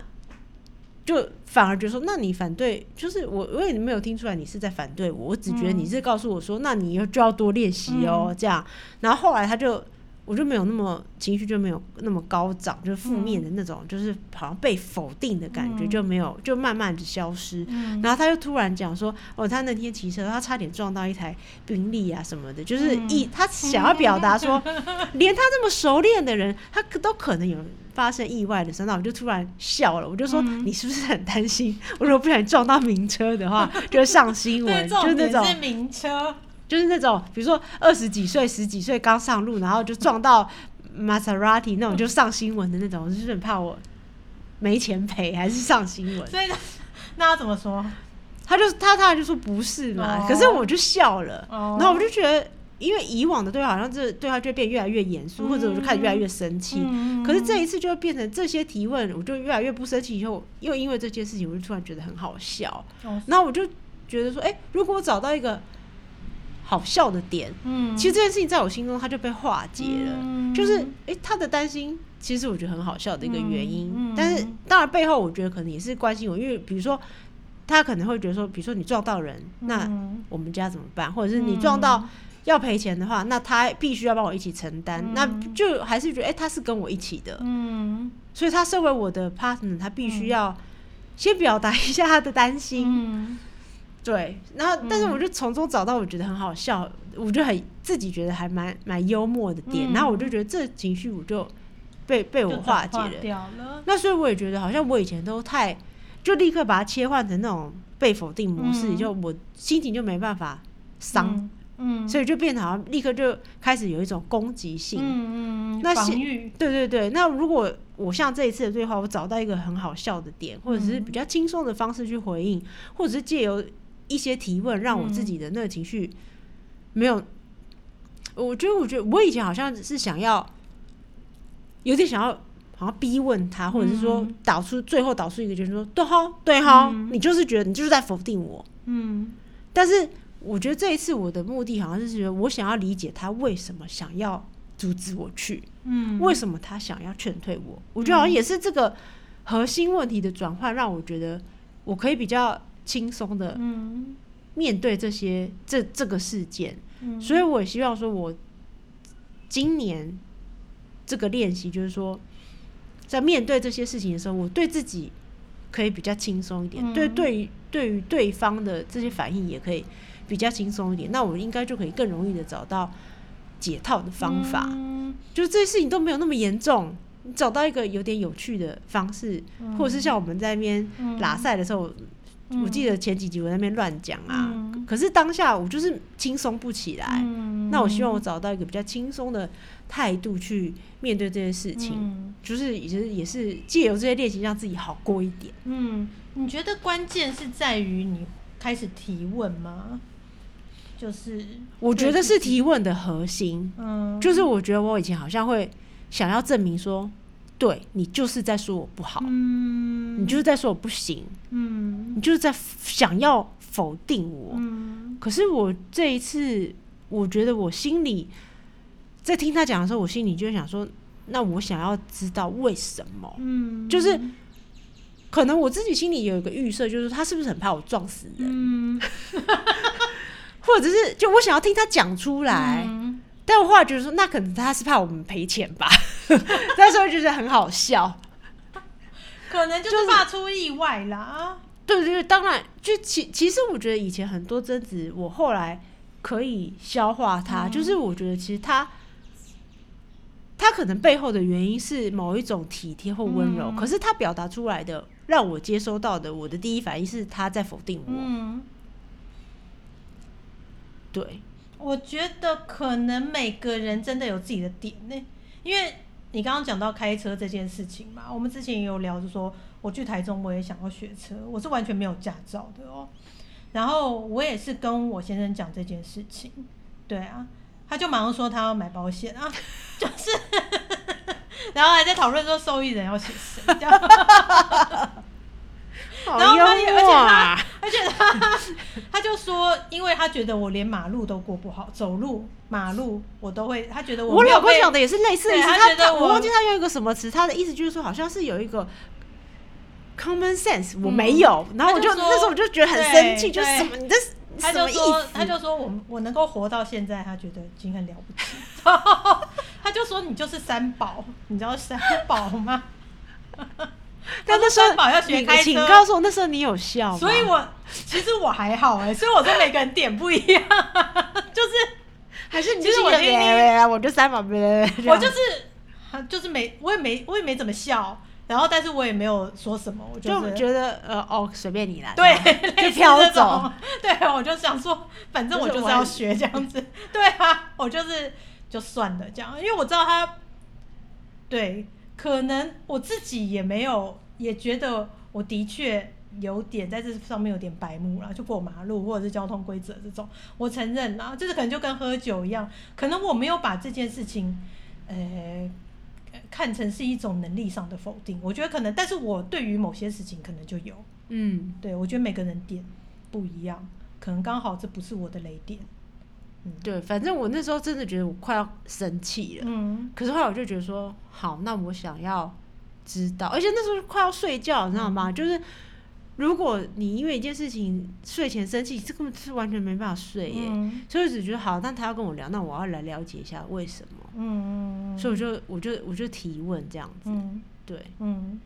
就反而覺得說，那你反對就是我，我也沒有聽出來你是在反對我，我只覺得你是告訴我說，嗯、那你要就要多練習哦，嗯、這樣，然後後來他就。我就沒有那麼情緒，就沒有那麼高漲，就是負面的那種，嗯、就是好像被否定的感覺，嗯、就沒有就慢慢的消失。嗯、然後他又突然講說，哦，他那天騎車，他差點撞到一台賓利啊什麼的，就是意、嗯、他想要表達說，嗯、連他這麼熟練的人， 他都可能有發生意外的事。然後我就突然笑了，我就說、嗯、你是不是很擔心？我說不小心撞到名車的話， 就上新聞， 這是這就那種名車。就是那種，比如說二十幾歲、十幾歲剛上路，然後就撞到瑪莎拉蒂那種，就上新聞的那種。我、嗯、就是怕我沒錢賠，還是上新聞。嗯、 所以那，那他怎麼說？他就他他就說不是嘛，oh. 可是我就笑了。Oh. 然後我就覺得，因為以往的對話好像這對話就變越來越嚴肅，mm hmm. 或者我就開始越來越生氣。Mm hmm. 可是這一次就變成這些提問，我就越來越不生氣。以後又因為這件事情，我就突然覺得很好笑。Oh. 然後我就覺得說，哎、欸，如果我找到一個。好笑的點，嗯，其實這件事情在我心中他就被化解了，嗯，就是，誒、欸，他的擔心，其實我覺得很好笑的一個原因，嗯嗯、但是當然背後我覺得可能也是關心我，因為比如說他可能會覺得說，比如說你撞到人，那我們家怎麼辦？或者是你撞到要賠錢的話，那他必須要幫我一起承擔，嗯、那就還是覺得，誒、欸，他是跟我一起的，嗯，所以他身為我的 partner，他必須要先表達一下他的擔心，嗯，嗯。對，然後但是我就從中找到我覺得很好笑，嗯、我就很自己覺得還蠻蠻幽默的點，嗯、然後我就覺得這情緒我就被被我化解了。化掉了。那所以我也覺得好像我以前都太就立刻把它切換成那種被否定模式，嗯、就我心情就沒辦法傷，嗯，嗯，所以就變成立刻就開始有一種攻擊性，嗯嗯，嗯，那防御，對對對。那如果我像這一次的對話，我找到一個很好笑的點，或者是比較輕鬆的方式去回應，或者是借由一些提問讓我自己的那個情緒沒有，我覺得，我覺得我以前好像是想要有點想要好像逼問他，或者是說導出最後導出一個就是說，對哈對哈，你就是覺得你就是在否定我，嗯。但是我覺得這一次我的目的好像是覺得我想要理解他為什麼想要阻止我去，嗯，為什麼他想要勸退我？我覺得好像也是這個核心問題的轉換，讓我覺得我可以比較。輕鬆的面對這些，嗯、這這個事件，嗯、所以我也希望說，我今年這個練習就是說，在面對這些事情的時候，我對自己可以比較輕鬆一點，嗯、對對於對於對方的這些反應也可以比較輕鬆一點。那我應該就可以更容易的找到解套的方法，嗯、就是這些事情都沒有那麼嚴重，你找到一個有點有趣的方式，嗯、或者是像我們在那邊拉賽的時候。嗯嗯我記得前幾集我在那邊亂講啊，嗯，可是當下我就是輕鬆不起來。嗯，那我希望我找到一個比較輕鬆的態度去面對這件事情，嗯，就是也是也是借由這些練習讓自己好過一點。嗯，你覺得關鍵是在於你開始提問嗎？就是我覺得是提問的核心。嗯，就是我覺得我以前好像會想要證明說。對，你就是在說我不好，嗯、你就是在說我不行，嗯、你就是在想要否定我。嗯、可是我這一次，我覺得我心裡在聽他講的時候，我心裡就會想說：那我想要知道為什麼？嗯，就是可能我自己心裡有一個預設，就是他是不是很怕我撞死人？嗯， 或者是就我想要聽他講出來。嗯但我後來覺得說，那可能他是怕我們賠錢吧。那時候就覺得很好笑，可能就是怕出意外啦。就是、對對對，當然，就其其實我覺得以前很多爭執，我後來可以消化他，嗯、就是我覺得其實他他可能背後的原因是某一種體貼或溫柔，嗯、可是他表達出來的讓我接收到的，我的第一反應是他在否定我。嗯、對。我覺得可能每個人真的有自己的點呢、欸，因為你剛剛講到開車這件事情嘛，我們之前也有聊，就是說我去台中，我也想要學車，我是完全沒有駕照的哦、喔，然後我也是跟我先生講這件事情，對啊，他就馬上說他要買保險啊，就是，然後還在討論說受益人要寫誰這樣，然後我們也而且他。而且他他，他就說，因為他覺得我連馬路都過不好，走路馬路我都會，他覺得我我老公講的也是類似於對他他，我，他我忘記他用一個什麼詞，他的意思就是說好像是有一個 common sense、嗯、我沒有，然後我就，就那時候我就覺得很生氣，對就是什麼？他就說，什麼意思？他就說我我能夠活到現在，他覺得已經很了不起， 他就說你就是三寶，你知道三寶嗎？ 他要學但那時候要學開車請告訴我，那時候你有笑。所以我，我其實我還好哎， 所以我說每個人點不一樣， 就是還是你是別人，我就三寶別人，我就是就是沒我也沒我也沒怎麼笑，然後但是我也沒有說什麼，我、就是、就覺得呃哦隨便你啦，對，就飄走。對，我就想說，反正我就是要學這樣子。對啊，我就是就算了這樣，因為我知道他對。可能我自己也沒有，也覺得我的確有點在這上面有點白目了，就過馬路或者是交通規則這種，我承認啦。就是可能就跟喝酒一樣，可能我沒有把這件事情，欸，看成是一種能力上的否定。我覺得可能，但是我對於某些事情可能就有，嗯，對，我覺得每個人點不一樣，可能剛好這不是我的雷點。對，反正我那時候真的覺得我快要生氣了。嗯、可是後來我就覺得說，好，那我想要知道，而且那時候快要睡覺，你知道嗎？嗯、就是如果你因為一件事情睡前生氣，這根本是完全沒辦法睡耶。嗯、所以我只覺得好，但他要跟我聊，那我要來了解一下為什麼。嗯、所以我就我就我就提問這樣子。嗯、對。嗯。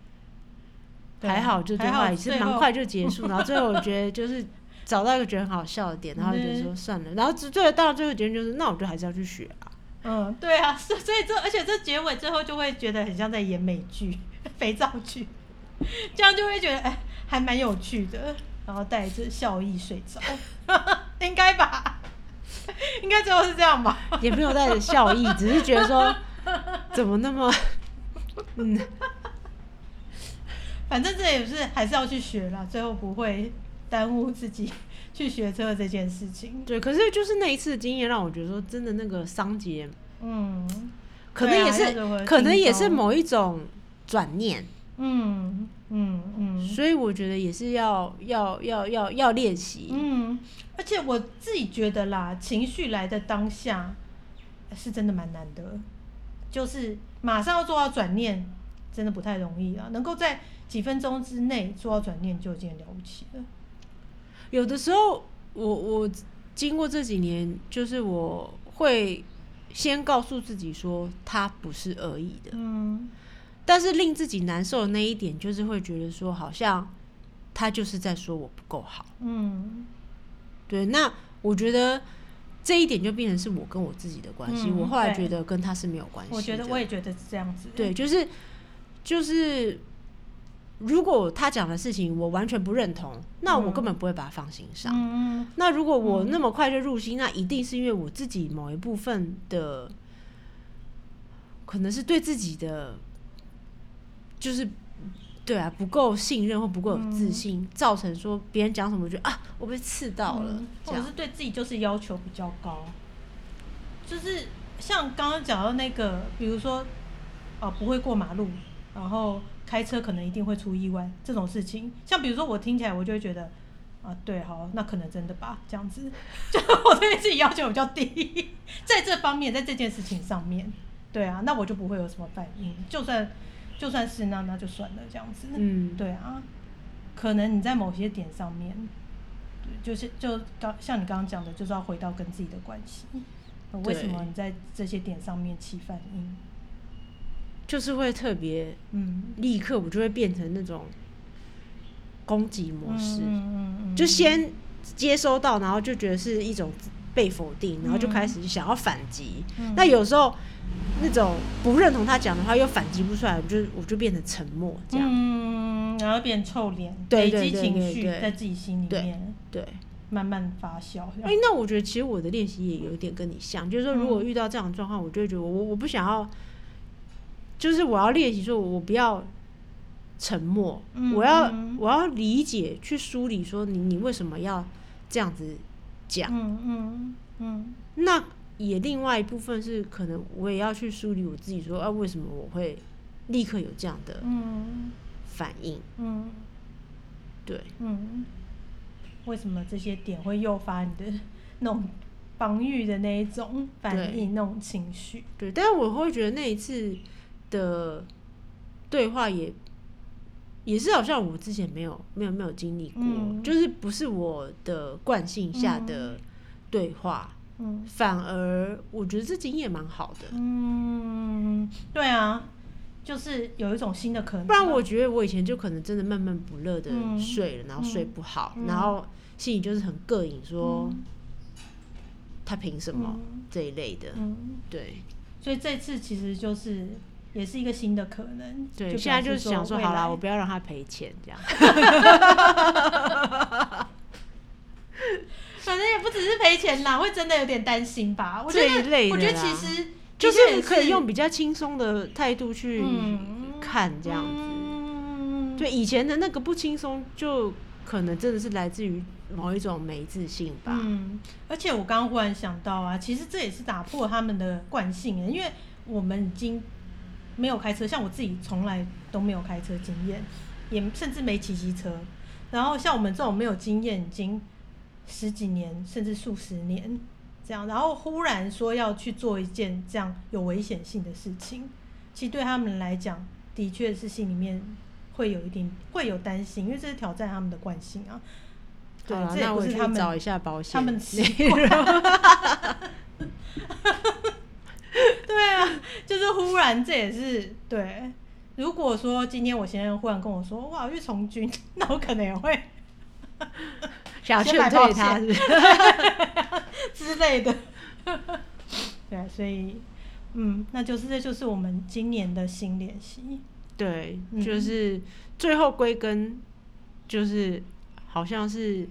還好這句話，就還好，也是蠻快就結束。然後最後我覺得就是。 找到一個覺得很好笑的點，然後就說算了，嗯、然後最後到最後結局就是，那我就還是要去學啊。嗯，對啊，所以這而且這結尾最後就會覺得很像在演美劇、肥皂劇， 這樣就會覺得哎、欸，還蠻有趣的，然後帶着笑意睡着，應該該吧？ 應該最後是這樣吧？也沒有帶着笑意，只是覺得說怎麼那麼……嗯，反正這也是還是要去學啦，最後不會。耽誤自己去學車這件事情。對，可是就是那一次的經驗讓我覺得說，真的那個商傑，嗯，可能也是，是可能也是某一種轉念，嗯嗯嗯，嗯嗯，所以我覺得也是要要要要要練習。嗯，而且我自己覺得啦，情緒來的當下是真的蠻難得，就是馬上要做到轉念，真的不太容易啊。能夠在幾分鐘之內做到轉念就已經了不起了。有的時候，我我經過這幾年，就是我會先告訴自己說，他不是惡意的，嗯，但是令自己難受的那一點，就是會覺得說好像他就是在說我不夠好，嗯，對。那我覺得這一點就變成是我跟我自己的關係。嗯，我後來覺得跟他是沒有關係。我覺得我也覺得是這樣子。對，就是就是。如果他講的事情我完全不認同，那我根本不會把他放心上。嗯嗯、那如果我那麼快就入心，那一定是因為我自己某一部分的，可能是對自己的，就是對啊不夠信任或不夠有自信，嗯、造成說別人講什麼我覺得啊我被刺到了。嗯、這樣。或者是對自己就是要求比較高，就是像剛剛講到那個，比如說啊、哦、不會過馬路，然後。開車可能一定會出意外這種事情，像比如說我聽起來我就會覺得啊，對，好，那可能真的吧，這樣子，就我對自己要求比較低， 在這方面，在這件事情上面，對啊，那我就不會有什麼反應，嗯、就算就算是那那就算了這樣子，嗯，對啊，可能你在某些點上面，就是就剛像你剛剛講的，就是要回到跟自己的關係，為什麼你在這些點上面起反應？就是會特別，嗯，立刻我就會變成那種攻擊模式，嗯嗯嗯，就先接收到，然後就覺得是一種被否定，然後就開始想要反擊，嗯，但那有時候那種不認同他講的話，又反擊不出來，我就我就變得沉默，這樣，嗯，然後變臭臉，堆積情緒在自己心裡面對，對，對慢慢發酵。哎，欸，那我覺得其實我的練習也有點跟你像，嗯，就是說如果遇到這樣的狀況，我就覺得我我不想要。就是我要練習說，我不要沉默，嗯嗯，我要我要理解去梳理說你你為什麼要這樣子講？嗯嗯嗯，那也另外一部分是可能我也要去梳理我自己說啊為什麼我會立刻有這樣的反應，嗯，對，嗯，對為什麼這些點會誘發你的那種防禦的那一種反應對那種情緒？對，但是我會覺得那一次。的對話也也是好像我之前沒有沒有沒有經歷過，嗯、就是不是我的慣性下的對話，嗯嗯、反而我覺得這經驗蠻好的，嗯，對啊，就是有一種新的可能，不然我覺得我以前就可能真的悶悶不樂的睡了，嗯、然後睡不好，嗯、然後心裡就是很膈應，說他憑什麼、嗯、這一類的，嗯、對，所以這次其實就是。也是一個新的可能。對，就現在就是想說好啦，我不要讓他賠錢這樣。 反正也不只是賠錢啦，會真的有點擔心吧？我覺得，我覺得其實是就是可以用比較輕鬆的態度去看這樣子。嗯嗯、對，以前的那個不輕鬆，就可能真的是來自於某一種沒自信吧。嗯、而且我剛忽然想到啊，其實這也是打破他們的慣性，因為我們已經。沒有開車，像我自己從來都沒有開車經驗，也甚至沒騎機車。然後像我們這種沒有經驗，已經十幾年甚至數十年這樣，然後忽然說要去做一件這樣有危險性的事情，其實對他們來講，的確是心裡面會有，一定會有擔心，因為這是挑戰他們的慣性啊。對，這我是找一下保險，他們先。 對啊，就是忽然，這也是對。如果說今天我先生忽然跟我說：“哇，我去從軍”，那我可能也會想勸退他之類的。 對，所以，嗯，那就是這就是我們今年的新練習。對，就是最後歸根，嗯、就是好像是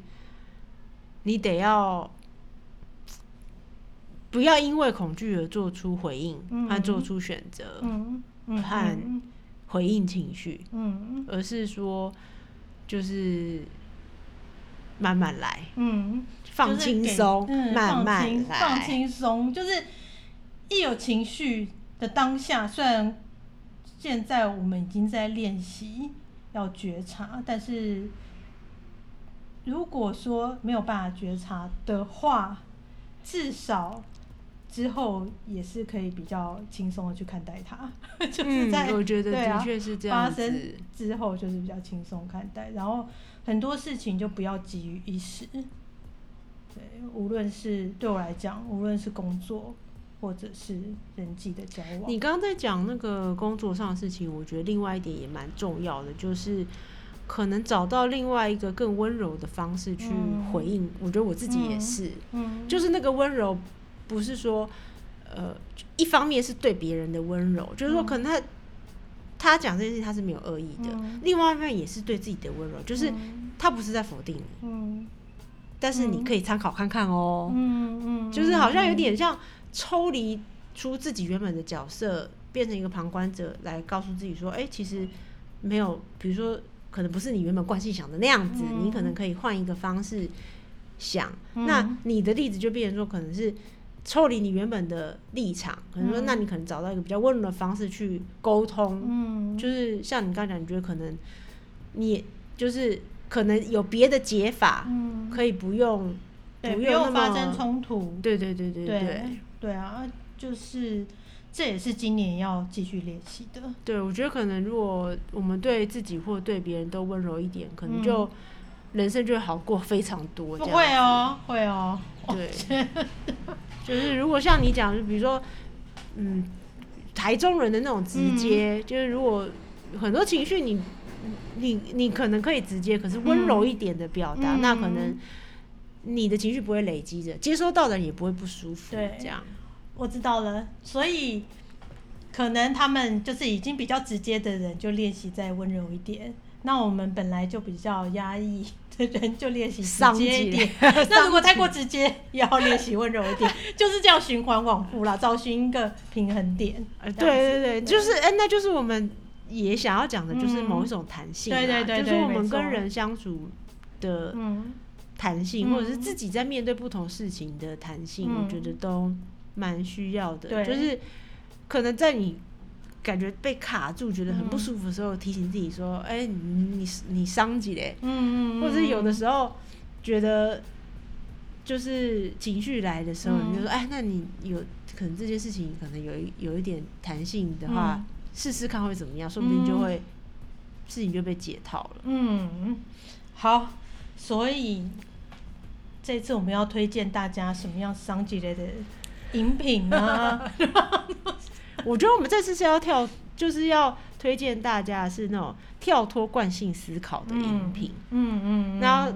你得要。不要因為恐懼而做出回應而、嗯、哼做出選擇，嗯嗯、和回應情緒，嗯、而是說就是慢慢來，嗯，就是、放輕鬆，慢慢來，嗯、放輕鬆。就是一有情緒的當下，雖然現在我們已經在練習要覺察，但是如果說沒有辦法覺察的話，至少，之後也是可以比較輕鬆的去看待它，嗯、 就是在我覺得的確是這樣發生之後就是比較輕鬆看待，然後很多事情就不要急於一時。對，無論是對我來講，無論是工作或者是人際的交往。你剛在講那個工作上的事情，我覺得另外一點也蠻重要的，就是可能找到另外一個更溫柔的方式去回應。嗯、我覺得我自己也是，嗯，嗯、就是那個溫柔。不是說，呃，一方面是對別人的溫柔，就是說可能他、嗯、他講這件事情他是沒有惡意的，嗯、另外一方面也是對自己的溫柔，就是他不是在否定你，嗯嗯、但是你可以參考看看哦，嗯嗯嗯、就是好像有點像抽離出自己原本的角色，嗯、變成一個旁觀者來告訴自己說，哎、欸，其實沒有，比如說可能不是你原本慣性想的那樣子，嗯、你可能可以換一個方式想，嗯、那你的例子就變成說可能是。處理你原本的立場，可能說那你可能找到一個比較溫柔的方式去溝通，嗯，就是像你剛剛講，你覺得可能你就是可能有別的解法，嗯、可以不用，對不用發生衝突，對對對對對對，對，對啊，就是這也是今年要繼續練習的。對，我覺得可能如果我們對自己或對別人都溫柔一點，可能就人生就會好過非常多這樣。不會哦，對會哦，對。 就是如果像你講，就比如說，嗯，台中人的那種直接，嗯、就是如果很多情緒，你你你可能可以直接，可是溫柔一點的表達，嗯、那可能你的情緒不會累積着，接收到的人也不會不舒服。對，這樣，我知道了。所以可能他們就是已經比較直接的人，就練習再溫柔一點。那我們本來就比較壓抑。人就練習直接一點，點 那如果太過直接，也要練習溫柔一點， 就是這樣循環往復啦，找尋一個平衡點。對對對，對對對，就是，哎、欸，那就是我們也想要講的，就是某一種彈性，嗯，對對對，對，對，就是我們跟人相處的彈性，錯或者是自己在面對不同事情的彈性，嗯、我覺得都蠻需要的，對就是可能在你。感覺被卡住，覺得很不舒服的時候，提醒自己說：“哎、嗯欸，你你鬆一下？”嗯嗯。或者是有的時候覺得，就是情緒來的時候，你就說：“哎、嗯，那你有可能這件事情可能有一有一點彈性的話，試試、嗯、看會怎麼樣，說不定就會自己、嗯、就被解套了。”嗯，好，所以這次我們要推薦大家什麼樣鬆一下的飲品呢、啊？ 我覺得我們這次是要跳，就是要推薦大家是那種跳脫慣性思考的飲品，嗯嗯，嗯嗯然後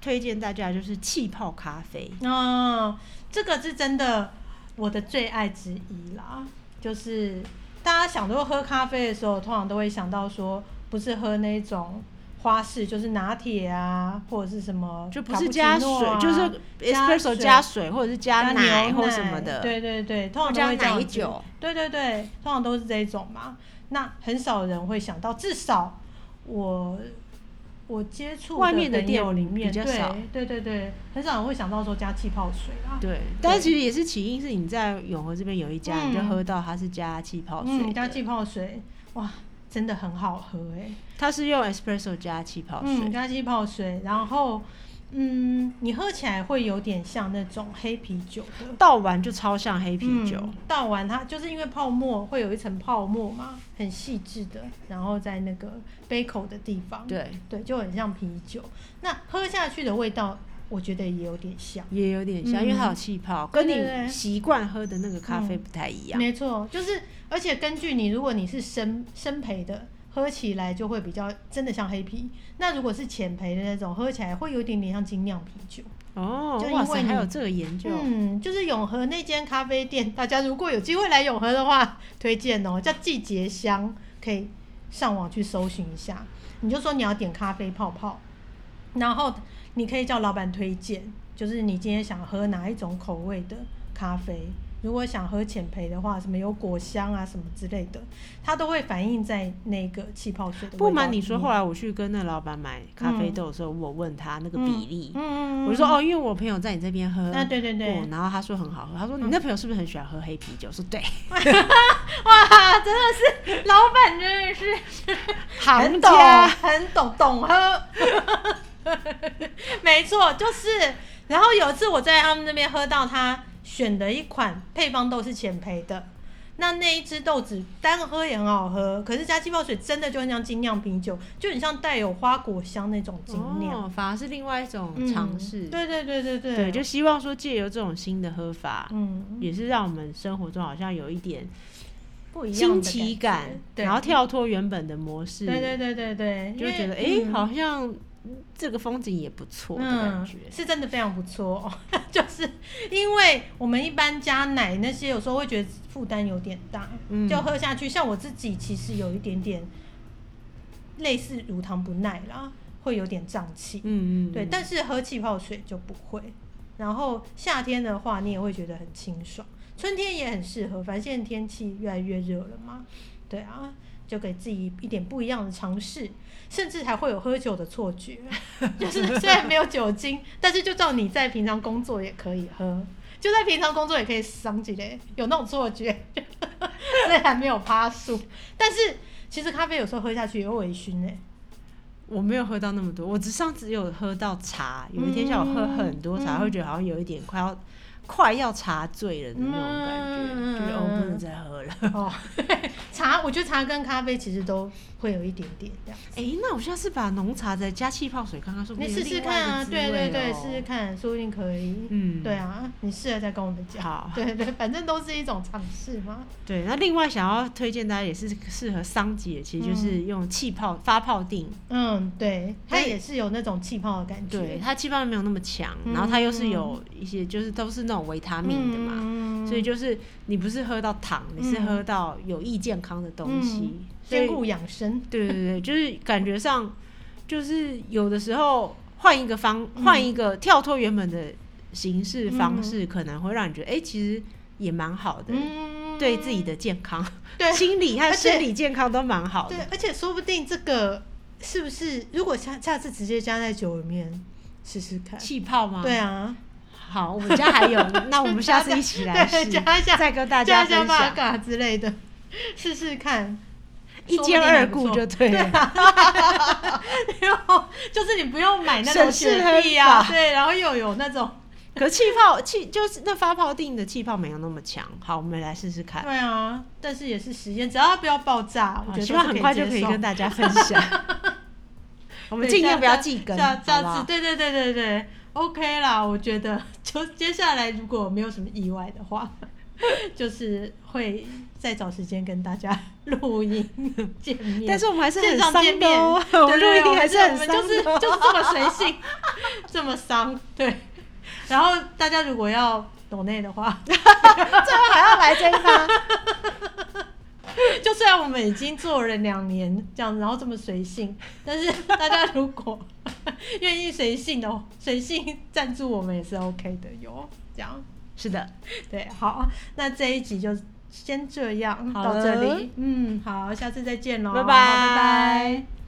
推薦大家就是氣泡咖啡。嗯、哦，這個是真的我的最愛之一啦，就是大家想說喝咖啡的時候，通常都會想到說，不是喝那種。花式就是拿鐵啊，或者是什麼，就不是加水，啊、就是 espresso 加水，加水或者是加奶或什麼的。對對對，通常都會這樣加奶酒。對對對，通常都是這種嘛。那很少人會想到，至少我我接觸外面的店裡面比較少對。對對對，很少人會想到說加氣泡水啦、啊。對，對但是其實也是起因是，你在永和這邊有一家，嗯、你就喝到它是加氣泡水，嗯，加氣泡水，哇。真的很好喝哎、欸！它是用 espresso 加氣泡水，嗯、加氣泡水，然後，嗯，你喝起來會有點像那種黑啤酒的。倒完就超像黑啤酒。嗯、倒完它就是因為泡沫會有一層泡沫嘛，很細緻的，然後在那個杯口的地方，對，對，就很像啤酒。那喝下去的味道，我覺得也有點像，也有點像，嗯、因為它有氣泡，嗯、跟你習慣喝的那個咖啡不太一樣。對對對，嗯、沒錯，就是。而且根據你，如果你是深深焙的，喝起來就會比較真的像黑啤。那如果是淺焙的那種，喝起來會有一點點像精釀啤酒。哦，oh, 就因為你，哇塞，還有這個研究。嗯，就是永和那間咖啡店，大家如果有機會來永和的話，推薦哦，叫季節香，可以上網去搜尋一下。你就說你要點咖啡泡泡，然後你可以叫老闆推薦，就是你今天想喝哪一種口味的咖啡。如果想喝淺焙的話，什麼有果香啊，什麼之類的，它都會反映在那個氣泡水的。不瞞你說，後來我去跟那老闆買咖啡豆的時候，嗯、我問他那個比例，嗯嗯、我就說哦，因為我朋友在你這邊喝，對對對，然後他說很好喝，他說你那朋友是不是很喜歡喝黑啤酒？嗯、說對， 哇，真的是老闆真的是 很懂 很懂懂喝， 沒錯，就是。然後有一次我在他們那邊喝到他。選的一款配方豆是淺焙的，那那一支豆子單喝也很好喝，可是加氣泡水真的就很像精釀啤酒，就很像帶有花果香那種精釀，哦，反而是另外一種嘗試，嗯。對對對對對，對，對，就希望說借由這種新的喝法，嗯，也是讓我們生活中好像有一點不一樣的，新奇感，然後跳脫原本的模式。嗯、對，對對對對對，就覺得欸，好像。這個風景也不錯、嗯，的感覺是真的非常不錯、哦。 就是因為我們一般加奶那些，有時候會覺得負擔有點大，嗯、就喝下去。像我自己其實有一點點類似乳糖不耐啦，會有點脹氣。嗯嗯，對。但是喝氣泡水就不會。然後夏天的話，你也會覺得很清爽，春天也很適合。反正現在天氣越來越熱了嘛，對啊，就給自己一點不一樣的嘗試。甚至還會有喝酒的錯覺，就是雖然沒有酒精， 但是就照你在平常工作也可以喝，就在平常工作也可以鬆一下，有那種錯覺，雖 然沒有趴數，但是其實咖啡有時候喝下去也會微醺呢、欸。我沒有喝到那麼多，我上只上次有喝到茶，有一天下午喝很多茶，嗯、會覺得好像有一點快要。快要茶醉了的那種感覺，覺得我不能再喝了。哦。 茶，我覺得茶跟咖啡其實都會有一點點這樣。哎、欸，那我現在是把濃茶再加氣泡水，看看說不沒、喔、你試試看啊，對對對，試試看，說不定可以。嗯，對啊，你試了再跟我們講。好。對，對對，反正都是一種嘗試嘛。對，那另外想要推薦大家也是適合桑姐，其實就是用氣泡發泡錠。嗯，對，它也是有那種氣泡的感覺。對，它氣泡沒有那麼強，然後它又是有一些就是都是那。有維他命的嘛，所以就是你不是喝到糖，你是喝到有益健康的東西，兼顧養生。對對對，就是感覺上，就是有的時候換一個方，換一個跳脫原本的形式方式，可能會讓你覺得，哎，其實也蠻好的，對自己的健康，心理還有身體健康都蠻好的。而且說不定這個是不是，如果下下次直接加在酒裡面試試看，氣泡嗎？對啊。好，我們家還有，那我們下次一起來試再跟大家講吧。嘎之類的，試試看，一兼二顧就對了。又就是你不用買那種雪碧啊，對，然後又有那種，可是氣泡氣就是那發泡錠的氣泡沒有那麼強。好，我們來試試看，對啊，但是也是實驗，只要不要爆炸，我希望很快就可以跟大家分享。我們盡量不要記根，知道嗎？對對對對對。OK 啦，我覺得就接下來如果沒有什麼意外的話，就是會再找時間跟大家錄音見面。但是我們還是很傷、哦、見面，我們錄音還是很、哦、我們還是很就是就是這麼隨性， 這麼傷，對。然後大家如果要 donate 的話， 最後還要來真殺。 就雖然我們已經做了兩年這樣，然後這麼隨性，但是大家如果願 意隨性的隨性贊助我們也是 OK 的喲。這樣是的，對，好，那這一集就先這樣了到這裡，嗯，好，下次再見嘍，拜拜 bye，拜拜。Bye bye